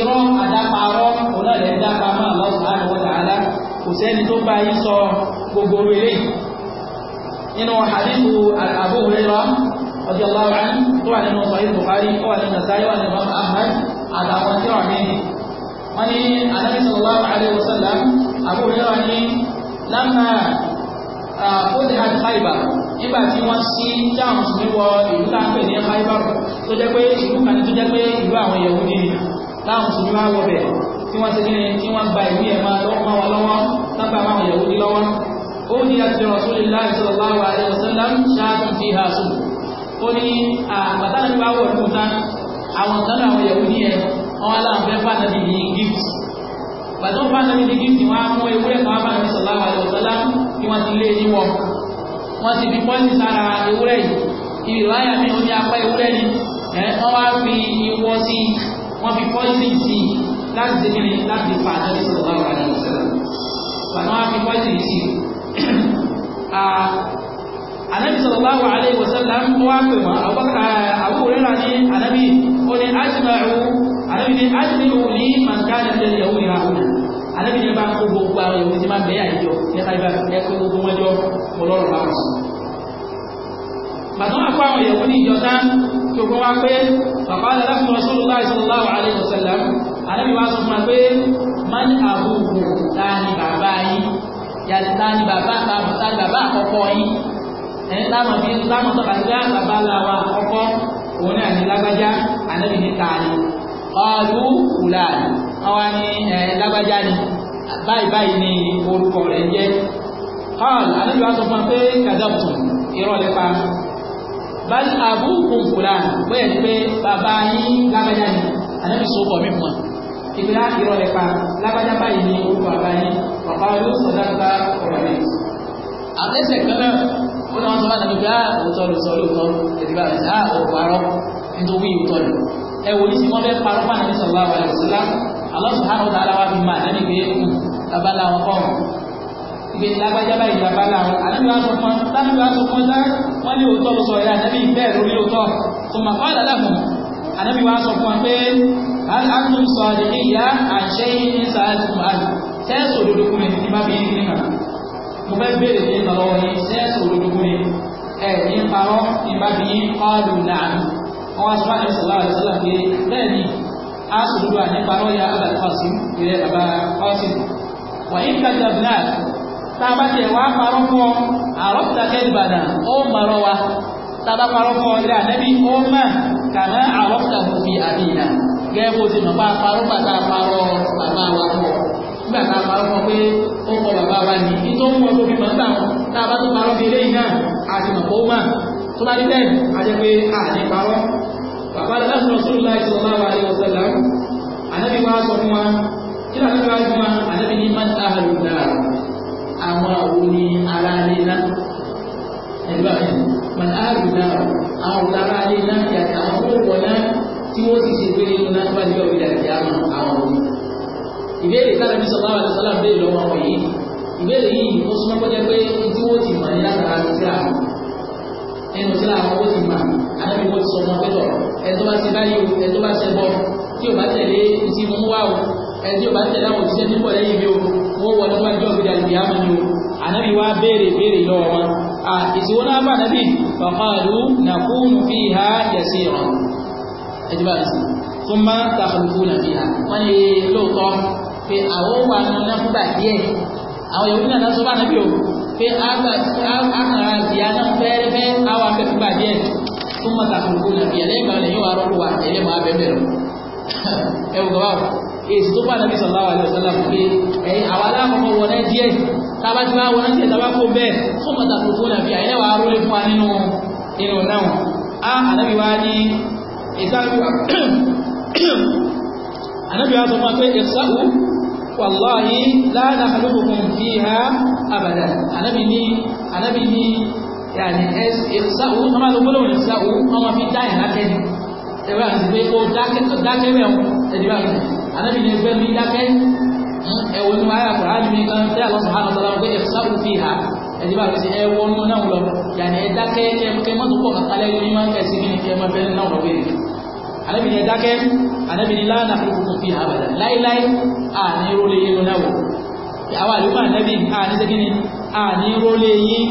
irọ́ àdáparọ́ òun náà lẹ́ ń dápa mọ́ Allah subhanahu wa ta'ala kò sẹ́ni tó bá yí sọ gbogbo rere nínú hadithu Abu Hurairah radiyallahu anhu tó wà nínú Ahmad àtàwọn tí wọ́n mi wọ́n ní Abu Hurairah ní lámà fúnìhàn Khaybar nígbà tí wọ́n sí jáàmù sí wọ ìlú láńpẹ̀ ní Khaybar tó jẹ́ pé ìlú kan tó jẹ́ pé ìlú àwọn Yahudi nìyà táwọn mùsùlùmí wá wọ bẹ̀ tí wọ́n ṣe kí ni tí wọ́n gba ìwé ẹ̀ máa lọ́wọ́ máa wà lọ́wọ́ sábà máa wọ̀ yẹ̀wò ní lọ́wọ́ ó ní àti Rasulullahi sallallahu alaihi wasallam ṣáàtún fi hà sùn ó ní àbàtà ní bá wọ̀ lùkúta àwọn wọ́n sallallahu alaihi wasallam kí wọ́n ti lé e ní wọ̀ wọ́n ti fi pọ́ńtì sára ewúrẹ́ yìí ìrọ̀ àyà ní apá ewúrẹ́ ni wọ́n wá fi iwọ́ sí wọ́n fi poison sí láti ṣe kíni láti fa àjọ ìṣòro báwọn àjọ ìṣòro bàtà wọ́n fi poison sí. Ànábì sallallahu alaihi wasallam wá pè wọ́n àbúrò rẹ̀ ní ànábì ó ní àjùmáwò ànábì ní man, ní màkàlẹ̀ tẹ̀lé ìyàwó ìhàkùn ànábì ní bá kó gbogbo àwọn ìwé tí máa bẹ̀yà ìjọ nípa ìbá ẹ̀kọ́ gbogbo wọn jọ ọlọ́run bá wọn sùn bàtọ́ wà fún àwọn ìyàwó ní ìjọta tó gbọ́ wá pé bàbá aláàfin rasulullah sallallahu alayhi wa sallam alábi wá sọ fún wa pé man àbúkù tani bàbá yìí yàtí tani bàbá tani bàbá àkọ́kọ́ yìí ẹni táwọn fi táwọn sọ ah, bàbá yà bàbá làwà àkọ́kọ́ òun ní àti lágbájá alábi ní tani ọlú kùlàní àwọn ní lágbájá ni báyìí báyìí ni orúkọ rẹ̀ jẹ́ قال أنا بعث فان كذبتم إيرو لقى bal abukum fulan bóyá ni pé bàbá yín lágbájá ni ànábì sọ pọ̀ mí mọ̀ ìgbéra ìrọ̀ rẹ̀ pa lágbájá báyìí ni orúkọ bàbá yín bàbá yóò sọ dáadáa ọ̀rọ̀ rẹ̀. àtẹ̀sẹ̀ kan náà ó náà sọ láti gbé àwòtọ́ ah, ló sọ lóòótọ́ ẹ̀dí bá rẹ̀ ah, sá òparọ́ nítorí ìwòtọ́ rẹ̀ ẹ wò ní sí wọn fẹ́ parọ́ fún ànábì sọ̀rọ̀ àwọn àlẹ́ ìgbé lágbájábá ìjàmbá làwọn àdúrà sọ fún àdúrà pé àdùn sọ àdìrí ìyá àṣẹ ní sàájú màálù sẹ́ẹ̀sì òdodo kúmi ní bí ní kàn mo fẹ́ béèrè ní ìtọ́lọ́wọ́ yìí sẹ́ẹ̀sì òdodo kúmi ẹ̀ ní parọ́ ní bí kọ́ọ̀lù làánù wọ́n wá sọ tàbá tẹ̀ wá parọ́ fún ọ àrọ́pìtàkẹ́ ìbàdàn ó mọ̀rọ̀ wa tàbá parọ́ fún ọ ilé ànẹ́bí ó mọ̀ kàná àrọ́pìtàkù fi àbíyàn gẹ́gẹ́ bó ti mọ̀ bá parọ́ bàtà parọ́ bàbá wa fún ọ nígbà tá a parọ́ fún ọ pé ó kọ bàbá wa ní nítorí wọn tó fi mọ̀ nígbà wọn tàbá tó parọ́ fi eléyìí náà àti àwọn òun ni ara lè ná ẹgbẹ́ rẹ̀ wọn áàrùn náà àwọn ará lè ná yàtọ̀ àwọn tó wọ̀ náà tí wọ́n ti ṣe pé nínú náà tó bá ti lọ́wọ́ ìdàgbé àmọ́ àwọn òun. ìbéèrè tára bí sọlá àti sọlá béèrè lọ́wọ́ wọn yìí ìbéèrè yìí ó súnmọ́ pé pé tí wọ́n ti mọ̀ ní látara sí àwọn ẹnu sí àwọn ó ti mọ̀ àdébí wọ́n ti sọ ọmọ pẹ́tọ̀ ẹni bá ṣe báyìí o bá ṣe bọ́ wọ́n wọ́n tó bá jọ ìgbìdà ìyá mú ní o ànábì wá béèrè béèrè lọ́wọ́ wọn à ìsìwò náà bá ànábì fàkàlù nà kún fi ha yẹsẹ̀ rọ̀ ẹjọ́ bá sí tó má tàkàlùkù nà fi ha wọ́n ní lóòótọ́ pé àwọn wà nù náà fúgbà díẹ̀ àwọn yòókù náà sọ bá ànábì èsì tó bá nàbí sallallahu alaihi wasallam pé ẹ̀yìn àwọn aláàkọ́kọ́ wọlé díẹ̀ tába tí wá wọlé díẹ̀ tába kó bẹ́ẹ̀ fún mọ̀tàkùn fún nàbí àyẹ̀lẹ́ wàá rólé fún wa nínú inú náà á [clears throat] ànábì ní ìsáàbí wa ànábì pé ìsáàbù wàláhì la nakhluqukum anábì ní ẹgbẹ́ mi dákẹ́ ẹ̀wọ̀n ní wáyà kò áàdì mi kan tẹ́ àlọ́ sọ̀hánà tọ́lá wọn pé ẹ̀ sáwù fi hà ẹ̀dí bá fi ẹwọ́ nínú náà lọ yàní ẹ dákẹ́ kẹ́ mọ́tò pọ̀ kàkálẹ́ ní mímọ́ ẹ̀sìn mi ní kẹ́ mọ́ bẹ́ẹ̀ náà lọ bẹ́ẹ̀ anábì ní ẹ dákẹ́ anábì ní lánàá fún kùkù fi hà bàdà láíláí àní rólé inú náà wò àwọn àlùmọ́ ànábì àní sẹ́kínì àní rólé yín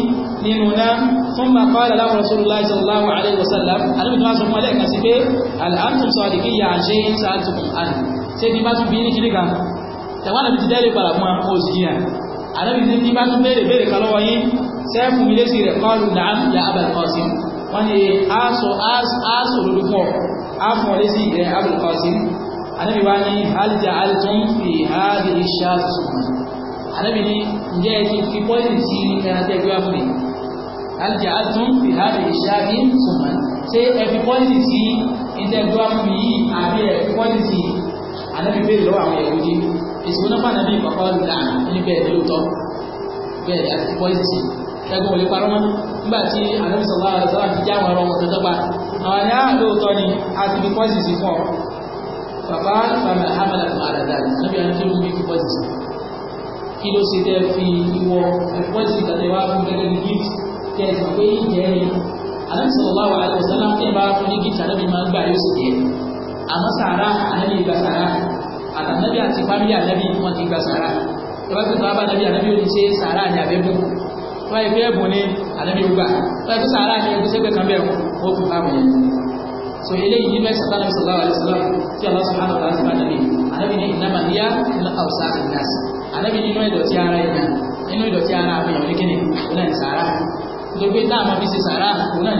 nínú náà fún makọ́lá láwọn rasulullahi sallallahu alaihi wasallam anábì tó wá sọ fún ọlẹ́ẹ̀kan pé alhamdulillah sọ àdìgí yà á ṣe ṣé bí bá tún bí ní kíní kan tẹ̀wọ́n àti ti dẹ́rẹ́ padà fún àwọn òsì yẹn àdàbí ti bí bá tún béèrè béèrè kan lọ́wọ́ yín sẹ́ẹ̀fù mi lé sí rẹ̀ kọ́ọ̀lù nàám ya abal qasim wọ́n ní aṣọ aṣọ òdodo fún ọ afọ lé sí rẹ̀ abal qasim àdàbí wá ní alìjà alìtún fi hàdì iṣẹ́ àtúntò àdàbí ní yìí àbí ẹ fi ànábì bẹ́ẹ̀ lọ́wọ́ àwọn ẹ̀rú jí èsì náà fànàbí kọ̀kọ́ lùdàn ní bẹ́ẹ̀ ní lóòótọ́ bẹ́ẹ̀ àti ti pọ́ìsì sí ẹgbẹ́ wọlé parọ́ mọ́ nígbà tí ànábì sọ̀rọ̀ àlọ́sọ̀rọ̀ àti já àwọn ọ̀rọ̀ wọn tọ́tọ́ pa àwọn ẹ̀yà ah, lóòótọ́ ni a ti fi pọ́ìsì sí fún ọ bàbá bàbá amala tó ara dáa níbi àwọn kí ló ń bí kí pọ́ìsì sí kí ló ṣe tẹ́ fi ìwọ pọ́ìsì tàtẹ́ wá fún gẹ́gẹ́ bí gift tẹ́ ẹ̀ sọ pé ìjẹ́ ni ànábì sọ̀rọ̀ àlọ́sọ̀rọ̀ àti àmọ́ sàárà ànábì gba sàárà àtànábì àti fámílì ànábì wọn ti gba sàárà tọ́lájú tó bá nàbí ànábì òní ṣe sàárà ní abẹ́gùn tó wáyé pé ẹ̀bùn ní ànábì gbà tó wáyé pé sàárà ní ẹgbẹ́ sẹ́gbẹ́ kan bẹ̀rù ó tún fáwọn yẹn so sallallahu alaihi wasallam tí Allah subhanahu wa ta'ala ti bá nàbì ànábì ní ìnáma níyà ní àwùsá àgbàsì ànábì nínú ìdọ̀tí ara ẹ̀yà nínú ìdọ̀tí ara àfihàn ní kíni òun náà ní sàárà nítorí pé táà máa fi ṣe sàárà òun náà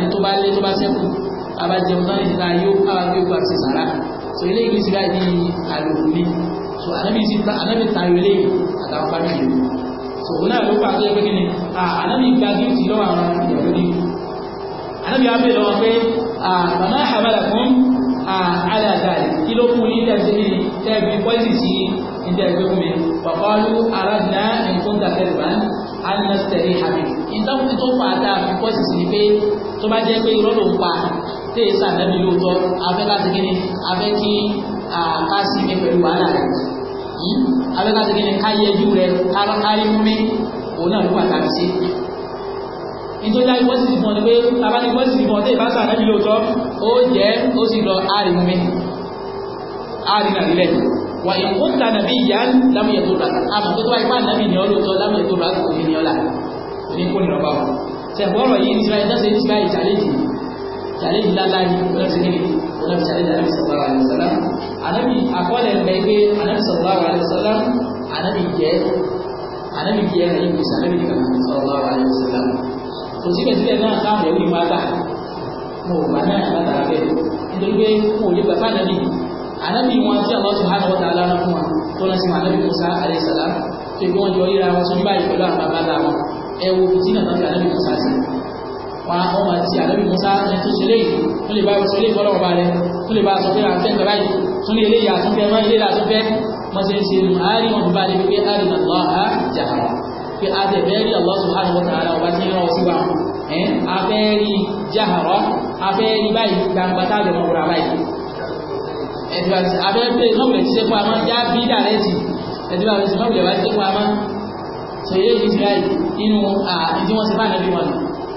abájẹ ọ̀tán ní ta yóò káwá gbé gbà sí sàrà so ilé ìgbésí láì di àlòkù mi so ànábì sí ta ànábì tayọ ilé àtàwọn fámìlì so òun náà ló pa àti ẹgbẹ́ kìíní ànábì gba gíìtì lọ́wọ́ àwọn ìyàwó ní ànábì á bèèrè wọn pé bàmá àbálà fún àdàdà kí ló kún ní tẹ́ẹ̀bí pọ́ìsì sí ìdí ẹgbẹ́ fún mi wàkọ́lù arábìnà nǹkan tàbí rẹ̀ ànínà tẹ̀lé àmì ìtọ́kùn tó fà á dáa tí èyí sànẹ́bí lóòótọ́ abẹ́ láti kí ni abẹ́ kí àkáṣí ní pẹ̀lú wàhálà rẹ̀ hmm? abẹ́ láti kí ni káyẹ́jú rẹ̀ kárí mú mi òun náà ló wà tàbí sí. nítorí láti wọ́n sì ti fún ọ ni pé bàbá ni wọ́n sì ti fún ọ tí èyí bá sànẹ́bí lóòótọ́ ó jẹ́ ó sì lọ áàrí mú mi áàrí náà rí lẹ́yìn wà ìkúta nàbí ìyá lámúyẹ tó rà àmọ́ tó tó wáyé bá nàbí ni ọlọ́tọ́ lámúyẹ tó rà kò ní ní ọlá kò ní kó ní ọba wọn. sẹ̀gbọ́n ọ̀rọ̀ yìí ní israẹli dáṣe ní israẹli challenge ńláńlá ni wọ́n ti níbi wọ́n ti challenge anabi sallallahu alayhi wa sallam anabi akọ́lẹ̀ ń bẹ pé anabi sallallahu alayhi wa sallam anabi jẹ́ anabi jẹ́ ẹ̀yìn kò sí anabi nìkan sallallahu alayhi wa sallam kò síbẹ̀síbẹ̀ náà káwọn ẹ̀wù mo gbà náà látara bẹ́ẹ̀ nítorí pé mo ò lè gbà fún anabi anabi wọn Allah subhanahu wa ta'ala fún wa tó lọ sí anabi musa alayhi salam tó ìgbọ́n jọ ríra wọn sójú báyìí pẹ̀lú àwọn bàbá wọn ẹ̀wù fìtínà náà fi anabi musa sí wọn àwọn ọmọ ti àlẹ́bí musa ẹni tó ṣe léyìí tó lè bá ṣe léyìí fọlọ́wọ́ bá rẹ tó lè bá sọ pé à ń fẹ́ nǹkan báyìí tún lè léyìí àtúnfẹ́ mọ́ ilé àtúnfẹ́ wọ́n ṣe ń ṣe nù àárín wọn bá lè pé àárín àlọ́ á jà á pé a tẹ̀ bẹ́ẹ̀ rí Allah subhanahu wa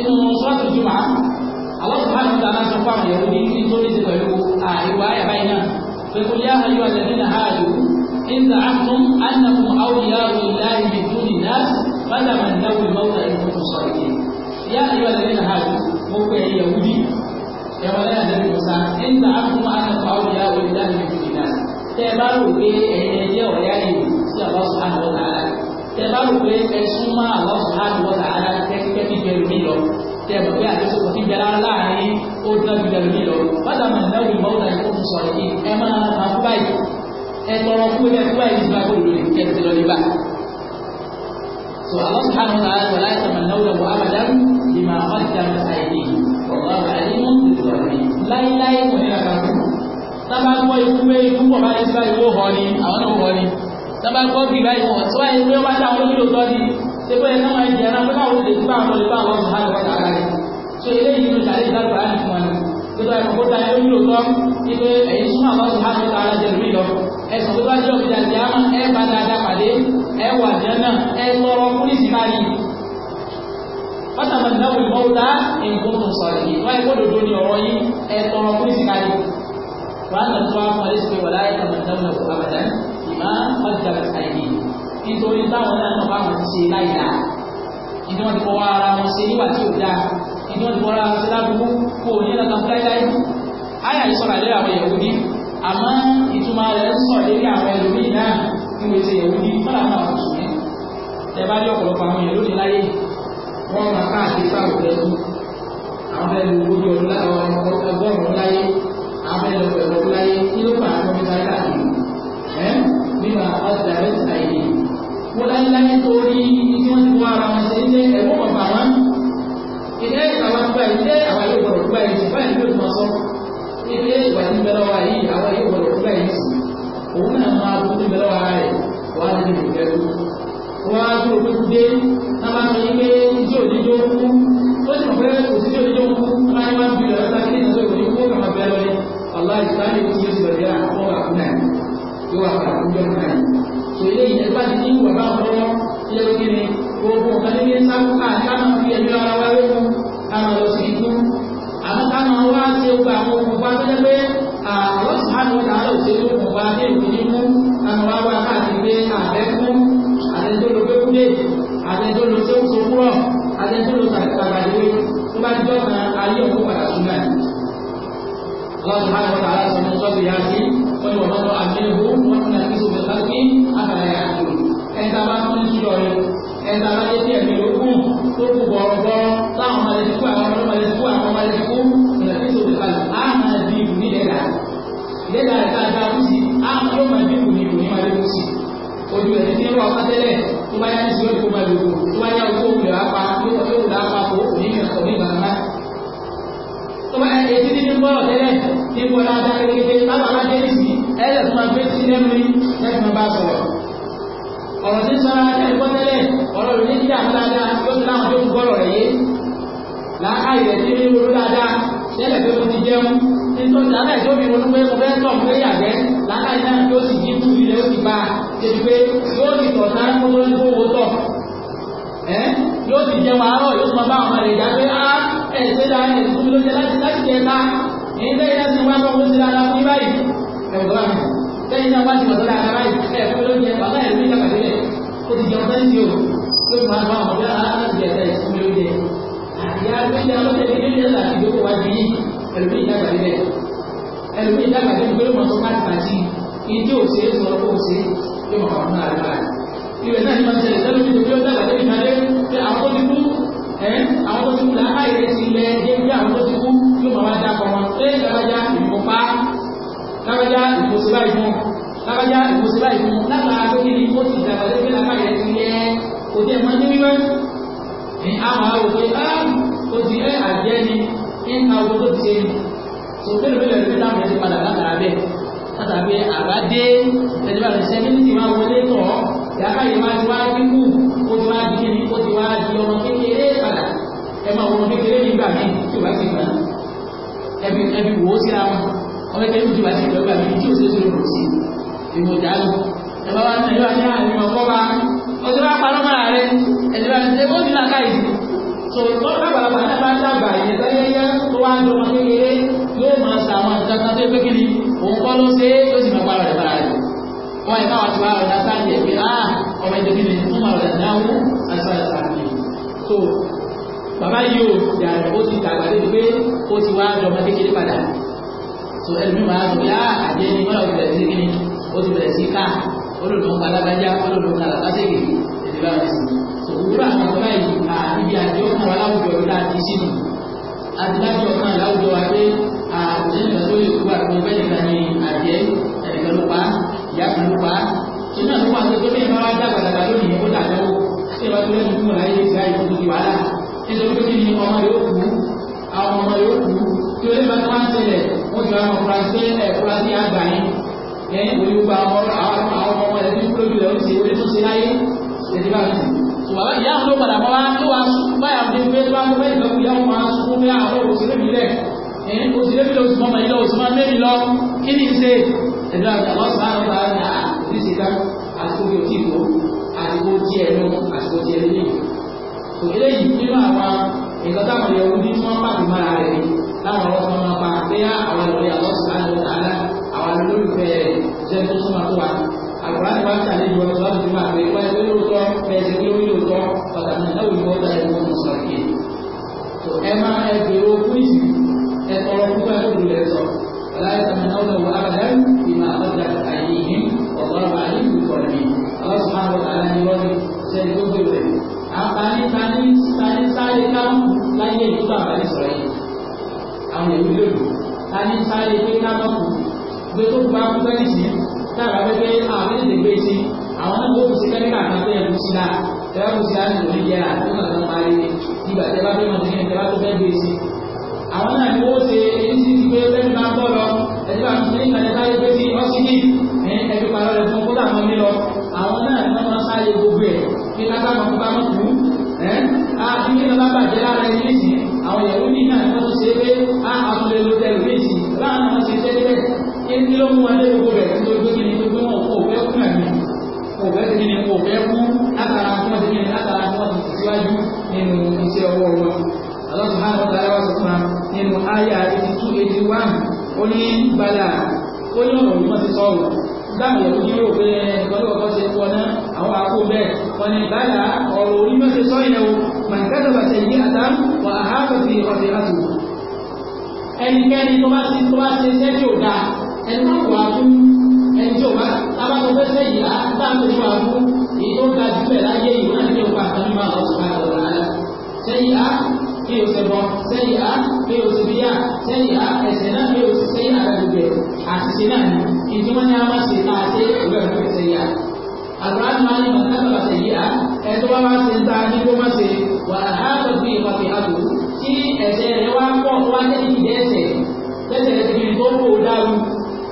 inú sọ́ọ̀tù jùmọ̀ alọ́sùnmọ́ àti ìdáná sọ fún àwọn yẹ̀wò ní tó ní ti pẹ̀lú àìwá ẹ̀bá iná pẹ̀lú yá ayé wa lẹ́nu náà hàlù ìdá àtún ànàkùn àwòyá òyìnbá ìbí tó ní náà bàtà máa ń dáwò tó sọ èké yá ayé wa náà hàlù mo pẹ̀ yẹ̀wò bí ẹ̀wọ̀ lẹ́yìn tẹ bá rò pé ẹ sún mọ́ àwọn sùhánù wọ́tà ara kẹ́kẹ́ ti bẹ̀rù mí lọ tẹ bọ̀ pé àdéṣepọ̀ ti bẹ̀rẹ̀ láàrin ó dán ti bẹ̀rù mí lọ bàtà mọ̀ náà rí bọ́ọ̀dà tó ń sọ̀rọ̀ yìí ẹ máa máa kú báyìí ẹ tọrọ kú ẹ kú báyìí nígbà tó lòlẹ̀ kẹ́ ti lọ ní bá. so àwọn sùhánù wọ́tà ara wọ̀ láì tẹ̀mọ̀ náà wọ̀ abadan ìmọ̀ àwọn ti dàmú àìdí ọ̀rọ̀ sábà gbọ́ bí báyìí wọn tó báyìí pé wọ́n dá wọn nílò lọ́dí ṣé pé ẹ̀ka máa jẹ́ ẹran pé báwo lè gbà wọn lè bá wọn sùn láti wọ́n dára rẹ̀ tó eléyìí ló ṣàlẹ̀ ìdágbà á nìkan ni tó bá ẹ̀kọ́ tó dáa nílò lọ ní pé ẹ̀yin súnmọ́ àwọn sùn láti wọ́n dára jẹ lórí lọ ẹ̀sùn tó bá jẹ́ òkúta ti àmọ́ ẹ bá dáadáa pàdé ẹ wà jẹ́ náà ẹ lọ́rọ́ pólísì báyìí pátámọ̀ náà wò mọ́wúlá nǹkan tó sọ̀rọ̀ yìí wọ́n ẹ̀kọ́ dòdò ní ọ̀rọ̀ yìí ẹ tọrọ pólísì báyìí wọ́n á tọ́jú àwọn ọmọdé sí wọ̀lá ẹ̀kọ́ mọ̀ náà wò abàdá máa ń kọjá ṣàìdí nítorí báwọn náà náà báwọn ti ṣe láì dáa ìdí wọn ti kọ́ wa ara wọn ṣe níwà tí ò dáa ìdí wọn ti kọ́ ara wọn ṣe lábúrú kó o ní lọ́kàn fúláìláì ayà yìí sọ̀rọ̀ àlẹ́ àwọn yẹ̀wò ní àmọ́ ìtumọ̀ rẹ̀ ń sọ̀ lórí àwọn ẹlòmíì náà ní wọ́n ti yẹ̀wò ní fọ́lá náà wọ́n sùn ní ẹ̀bá ní ọ̀pọ̀lọpọ̀ àwọn ẹni ní ìjọba àti ìgbókò wá di yìí ẹlòmí ìdàgbà níbẹ̀ ẹlòmí ìdàgbà níbẹ̀ pé mọ̀ tó bá ti bàjì ìdí òsè é sọ ọkọ̀ òsè yóò mọ̀ àwọn náà rẹ̀ ìrẹ̀ náà ni wọ́n ṣẹlẹ̀ sẹ́lú ní ìjọba ìdàgbà níbi ìmọ̀lẹ́ pé àwọn tó ti kú ẹ̀ àwọn tó ti kú là áyè rẹ̀ ti lẹ̀ dé bí àwọn tó ti kú yóò mọ̀ wá dákọ̀ wọn pé lábájá ìfọ̀pá lábájá ìfòsíbá ìfún lábájá ìfòsíbá ìfún lábájá tó ti dàgbà lé pé lábájá tó ti ẹ́ àjẹ́ ni nípa ogun tó ti ṣe ni tó bẹ́ẹ̀ bẹ́ẹ̀ lẹ́nu mẹ́ta mẹ́ta padà látara bẹ́ẹ̀ látara pé àbádé ẹ̀dẹ́gbà rẹ̀ ṣẹ́ nínú ti máa wọlé tọ̀ ọ́ yàrá yìí máa ti wá dínkù ó ti wá di kíni ó ti wá di ọmọ kékeré padà ẹ máa wọ ọmọ kékeré nígbà míì tí ò bá ti gbà ẹbí ẹbí wò ó síra wọn ọmọ kékeré tí ò bá ti gbà gbà míì tí ò sì ṣe lòdì sí ìmọ̀ ìdáná ẹ bá ah, wá ní ẹjọ́ àti àárín ọkọ̀ bá ọjọ́ bá parọ́ mọ́ra rẹ ẹ̀dẹ́gbà rẹ̀ ṣe bó ti so ìtọ́jú àgbàlagbà náà bá dàgbà ìyẹn tó yẹ́yẹ́ tó wá ń lọ ọmọ kékeré yóò máa sa àwọn ìtọ́jú tó pé kíni òun kọ́ ló ṣe é yóò sì máa gbára rẹ̀ bára rẹ̀ wọ́n yẹ káwọn ti ah, so bàbá yìí ó yàrá ó ti dàgbà débi pé ó so ẹni máa ń gbé ah, àjẹ ní mọ́ra òbí bẹ̀rẹ̀ sí kíni ó ti bẹ̀rẹ̀ sí ká olùdókòwò alágbájá olùdókòwò alábáṣẹ́gì èdè sòwúrò àwọn ọba yìí àbíbi àjọ kan wà láwùjọ ìlà àti sínú adúlájọ kan láwùjọ wa pé àtẹnìkan tó lè kú àti ọgbẹ́ nìkan ní àjẹ ẹ̀ẹ̀kan ló pa ìyá kan ló pa nínú àwọn ọmọ àti ọgbẹ́ ìbára dàgbà dàgbà lónìí ó dàgbà ó ṣe wá tó lẹ́nu fún ọ̀la yìí ti àyè fún ìwàlá nítorí pé kí ni ọmọ yóò kú àwọn ọmọ yóò kú tí olè bá tó wá ń ṣẹlẹ̀ wọ́n ti wá ọmọ fúrasí ẹ̀ fúrasí àgbà yín ẹ̀ òye gbogbo àwọn ọmọ rẹ̀ tó ń kúrò jù lọ ó ti ṣe ó lè tó ṣe láyé ṣèjọba ti so bàbá ìyá àwọn ló padà bàbá tó wá báyà dé pé tó wá fẹ́ ìgbẹ́kù ìyá wọn máa sún pé àwọn òṣèré mi rẹ̀ òṣèré mi lọ sùn mọ́ ìlọ òṣùn máa mẹ́rin lọ kí ni ṣe ẹ̀dọ́ àgbàlọ́ sàn án lọ́ta ní àtìsíkà àtìkò tí ìlú àtìkò tí ẹ̀nu àtìkò tí ẹ̀nu yìí so eléyìí nínú àwọn nǹkan táwọn ìyẹ̀wò ní tí wọ́n pàdé àwọn ìròyìn àlọ́ sàn án lọ́ta àwọn olólùfẹ́ rẹ̀ jẹ́ tó tó bẹ́ẹ̀ ṣe pé wílò tọ́ pàtàkì náà wíwọ́ ọ̀dà ẹ̀wọ̀n mùsàkì tó ẹ máa ẹ gbèrò fún ìsìn ẹ tọrọ fún bá ẹgbẹ̀rún rẹ sọ aláìsàn náà lọ wà á rẹ ìmọ̀ àkọ́jà àyè yìí ọ̀gbọ́n wà á yìí kọ̀ ní ọlọ́sùn àwọn ọ̀tàlá ní lọ́dí sẹ́ni tó gbé rẹ̀ àǹfààní tani tani àwọn náà wọ́n sí kẹ́ríkà kan tó yẹ kó sí náà tẹ́lá kò sí láti lòdì jẹ́ àdúgbò náà parí nígbà tẹ́lá tó mọ̀ nígbà tó fẹ́ gbé e sí. àwọn náà ni wọ́n ṣe èyí sí ti pé bẹ́ẹ̀ bá ń bọ̀ lọ ẹ̀dí bá mi ní ìkànnì táyé pé sí ọ́sídì ní ẹbí parọ́ rẹ̀ fún kódà mọ́ mi lọ àwọn náà ni wọ́n máa sáré gbogbo ẹ̀ kí lágbàmọ́ kó bá mọ̀ kú ẹ́ á kí ní lọ́ ni wọ́n ṣe pé á àtúndé kí kò fẹ́ sí nínú kò fẹ́ kú látara tí wọ́n ti kí ni látara tí wọ́n ti síwájú nínú iṣẹ́ ọwọ́ wọn Allah subhanahu wa ta'ala sọ fún wa nínú àyà eighty two eighty one ó ní balà ó ní ọ̀rọ̀ yìí wọ́n ti sọ̀rọ̀ dáhùn yẹn ní yóò fẹ́ ìgbọ́dọ̀ ọkọ̀ ṣe fún ọ náà àwọn àkó bẹ́ẹ̀ wọ́n ní balà ọ̀rọ̀ orí mọ́ sọ yẹn o màkàtà bàtẹ̀ yìí àtàm wà á hà bàtẹ̀ ọ̀sẹ̀ àtò ẹnikẹ́ni tó bá ti tó bá ti ṣẹ́ tí ò dáa ẹni náà wà á fún ẹni tábà tó fẹ́ sẹ́yìn á táàmù fún àbú èyí tó ga jù bẹ̀ láyé yìí náà ní ọkọ̀ àtàlùmọ̀ àwọn ọ̀sán àlọ́ sẹ́yìn á kí o ṣe bọ́ sẹ́yìn á kí o ṣe bí yá sẹ́yìn á ẹ̀sẹ̀ náà kí o ṣe sẹ́yìn àgbègbè àṣìṣe náà ni ìdí wọn ní a máa ṣe tá ṣe ìwé ẹ̀kọ́ ẹ̀sẹ̀ yá àgbà máa ní màkà tó ṣe yí á ẹ̀tọ́ tó bí wá pọ̀ wá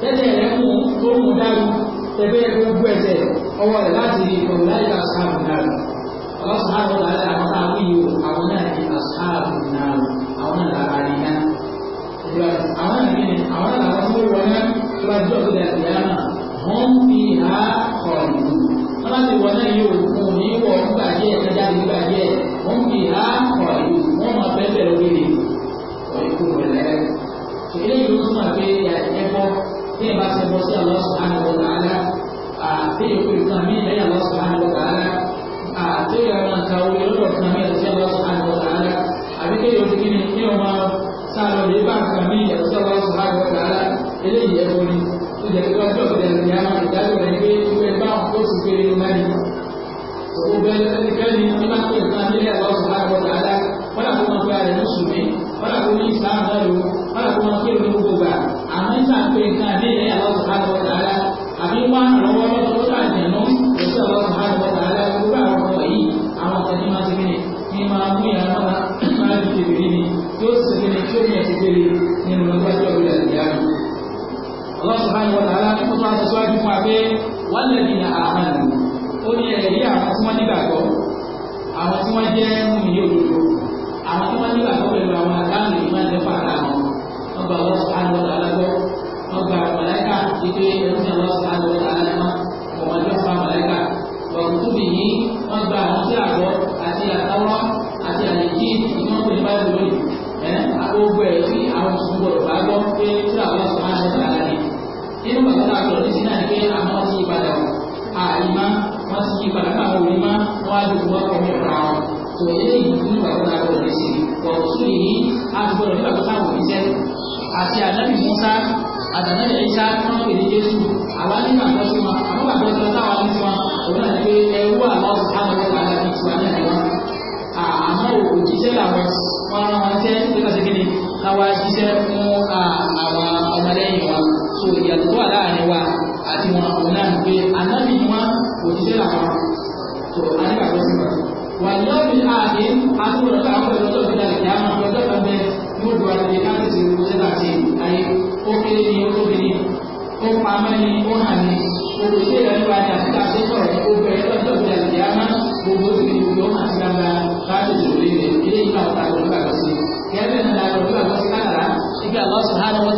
tẹ́lẹ̀ tẹ̀gbẹ́ gbogbo ẹ̀sẹ̀ ọwọ́ rẹ̀ láti rí ìpẹ̀lú láìka sáàbù náà lọ́sàn-án àwọn àwọn àwọn àwọn àwọn àwọn àwọn amali ko hali gbogbo ṣe ìrẹ́lú wa ni àti àti sọ̀rọ̀ gbogbo ẹ̀ lọ́jọ́ ìgbà ìdí àmà gbogbo sì ni gbogbo ọmọ àti gbangba bá ti lò lé rẹ̀ ilé ìgbà ọ̀tà lọ́gbà lọ sí. kẹ́rẹ́ náà lọ́gbà lọ sí kádàrá ibi Allah subhanahu wa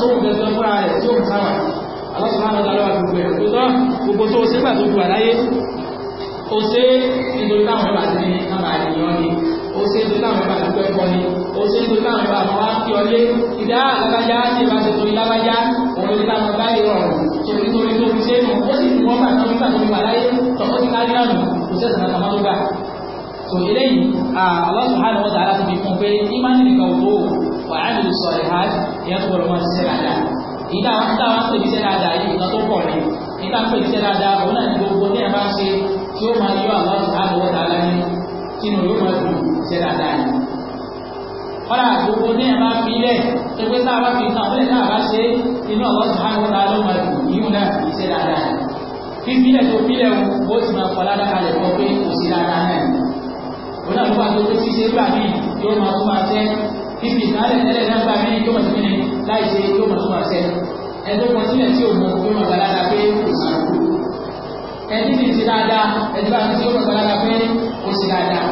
sóhun gẹ́gẹ́ fúnra rẹ̀ tí ó ń sáwà alásùnmáwà tàbí wà gbogbo ẹ̀ tó gbogbo tó ṣe gbà tó gbà láyé ó ṣe nítorí táwọn ẹ̀bà ti ní àmà àdìyàn ni ó ṣe nítorí táwọn ẹ̀bà ti pẹ́kọ́ ni ó ṣe nítorí táwọn ẹ̀bà àwọn akí ọlé ìdá alágbájá ti bá ṣe torí lágbájá òun ló táwọn bá lè rọrùn torí torí tó fi ṣe nù ó sì fi wọ́n bà tó nígbà tó gbà láyé tó ó ti kárí náà nù kò sẹ́sà náà tàmá tó gbà tò eléyìí Allah subhanahu wa ta'ala ti fi fún pé ìmánì nìkan ò wà á lè sọ̀rọ̀ ìyẹn tó gbọdọ̀ máa ṣiṣẹ́ dáadáa ìdá ìdá wa ń pè níṣẹ́ dáadáa yìí nǹkan tó pọ̀ ni ìdá ń pè níṣẹ́ dáadáa òun náà ní gbogbo ní ẹ̀bá ṣe tí ó máa yọ àwọn àlọ́wọ́ dáadáa ní sínú yóò máa dùn ṣe dáadáa ni. kọ́lá gbogbo ní ẹ̀bá fi ilẹ̀ tó pé tá a bá fi nǹkan ọ̀hún náà bá ṣe inú àwọn ti máa dáadáa ló máa tó máa níbi ìsàlẹ̀ tẹ́lẹ̀ náà gbà mí yóò mọ̀ sí kíni láì ṣe yóò mọ̀ sún àṣẹ ẹni tó kọ sílẹ̀ tí ò mọ yóò mọ̀ gbàlága pé kò sí àkókò ẹni tí ti dáadáa ẹni bá mi tí yóò mọ̀ gbàlága pé kò sí dáadáa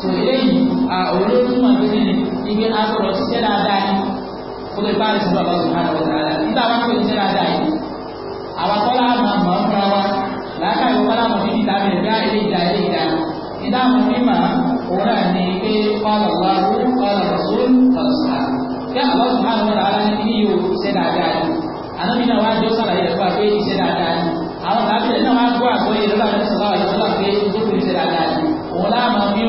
tó eléyìí àwọn olóòtúmọ̀ tó kíni ibi agbọ̀rọ̀ ṣiṣẹ́ dáadáa ni kó lè bá àrùn síbọ̀ lọ́sùn máa lọ́wọ́ dáadáa nígbà wá pé ṣiṣẹ́ dáadáa yìí àwọn akọ́lá àmà mọ̀ ń fara wa làákà ìwọ́n láwọn fi ìta bẹ̀rẹ̀ bí àìlè ìdá ilé ìdá ìdáhùn mímọ̀ òun náà ni kí àwọn sùnmọ́nù wọn tààrà ní kíní yóò ṣe dáadáa ni ànábì náà wájú sàlàyé rẹ̀ fún wa pé ṣe dáadáa ni àwọn tàbí rẹ̀ náà wá gbọ́ àgbọ́yé lọ́wọ́ àti sọ̀rọ̀ àyè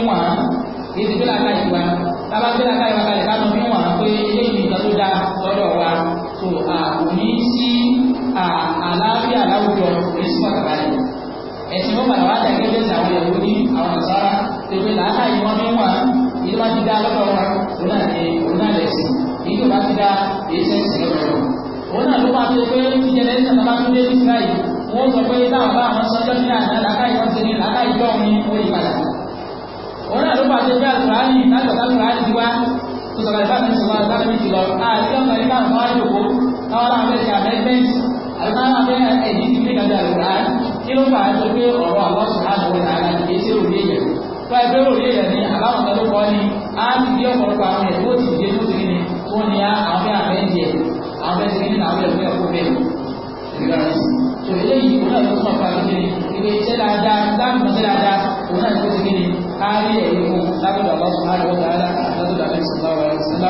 lé ní síláì wọ́n sọ pé táwọn bá àwọn sọjọ́ ní àná làkàì wọ́n ti ní làkàì jọ ní orí padà òun náà ló pàṣẹ bí àtùránì látọ̀tà àtùránì ti wá tó sọ̀rọ̀ ìbá mi sọ̀rọ̀ ìbá mi jùlọ àti ọ̀nà ìbá mi wá yòókó táwọn náà fẹ́ ṣe àmẹ́gbẹ́ǹtì àti táwọn náà fẹ́ ẹ̀dí ti fi gàdà rà kí ló fà á tó pé ọ̀rọ̀ àwọn sùhánù wọn àgbà kìí ṣe òun yẹ tó ẹgbẹ́ òun yẹ ní àbáwọn kan ló kọ́ ni á ti di ọ̀pọ̀lọpọ̀ àwọn ẹ̀ tó ti di tó ti ní tó ní àwọn fẹ́ àmẹ́ǹtì ẹ̀ àwọn fẹ́ ti ní àwọn ẹ̀ fẹ́ ìrẹsì tó eléyìí òun náà ló sọ fún àgbègbè ìwé iṣẹ́ dáadáa láàmú iṣẹ́ dáadáa òun náà ló ti gbé káàrí ẹ̀rí mu lábẹ́dọ̀ àwọn sọ̀rọ̀ àwọn ọ̀gá ara àtàtúndà àti sọ̀rọ̀ àwọn ìṣẹ̀lá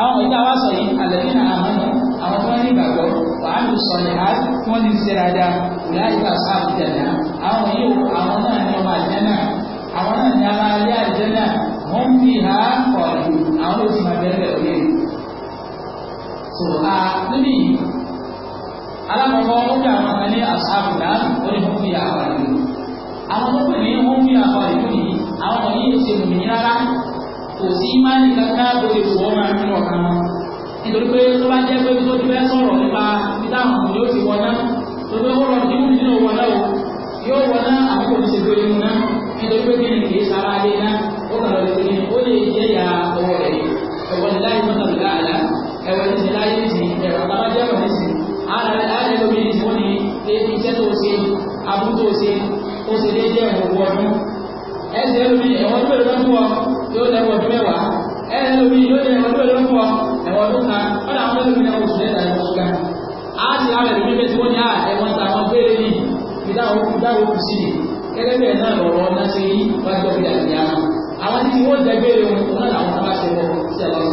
àwọn ìdá wa sọ yìí àlẹ́bí náà àmọ́nà àwọn tó ń ní ìgbàgbọ́ wàá lù sọ ní àá tí wọ́n ní iṣẹ́ dáadáa òun láì sọ àbújá náà àwọn yìí àwọn náà ní ọmọ àjẹ́ náà àwọn náà ní ara alẹ́ àjẹ́ náà wọ́n fi hà ọ̀dù àwọn oṣù so a níbi alákọ̀ọ́kọ́ ó jẹ́ àwọn kan ní àṣàbùdá ó ní fún ìyá àwọn ìlú àwọn tó pè ní wọ́n fi àwọn ìlú yìí àwọn kan yìí ṣe mùmí rárá kò sí máàlì kankan tó lè wọ́ máa nínú ọ̀kan wọn nítorí pé tó bá jẹ́ pé tó ti fẹ́ sọ̀rọ̀ nípa títà àwọn yóò ti wọ́n náà tó pé ó rọ̀ dín nínú wọn náà yóò wọ́n náà àbúkò ní ṣe gbé mu náà nítorí pé kí ni kì í sara adé náà ó kàn lọ́ọ́ ọdún ẹsẹ̀ ẹlòmí ẹ̀wọ̀n tó lọ fún ọ yóò lẹ́wọ̀ ọdún mẹ́wàá ẹsẹ̀ ẹlòmí yóò lẹ́ ẹ̀wọ̀n tó lọ fún ọ ẹ̀wọ̀n ọdún kan ọ̀dà àwọn ẹlòmí náà oṣù mẹ́ta ẹ̀wọ̀n ṣúgà á sì rà ẹlòmí bẹ́ẹ̀ tí wọ́n ní à ẹ̀wọ̀n ta àwọn béèrè yìí ìdá òkú sí gẹ́gẹ́ bẹ́ẹ̀ náà lọ̀rọ̀ náà ṣe yí wájú ọ̀gbìn àti àwọn tí wọ́n jẹ béèrè wọn náà làwọn bá ṣe wọ sí ẹ̀wọ̀n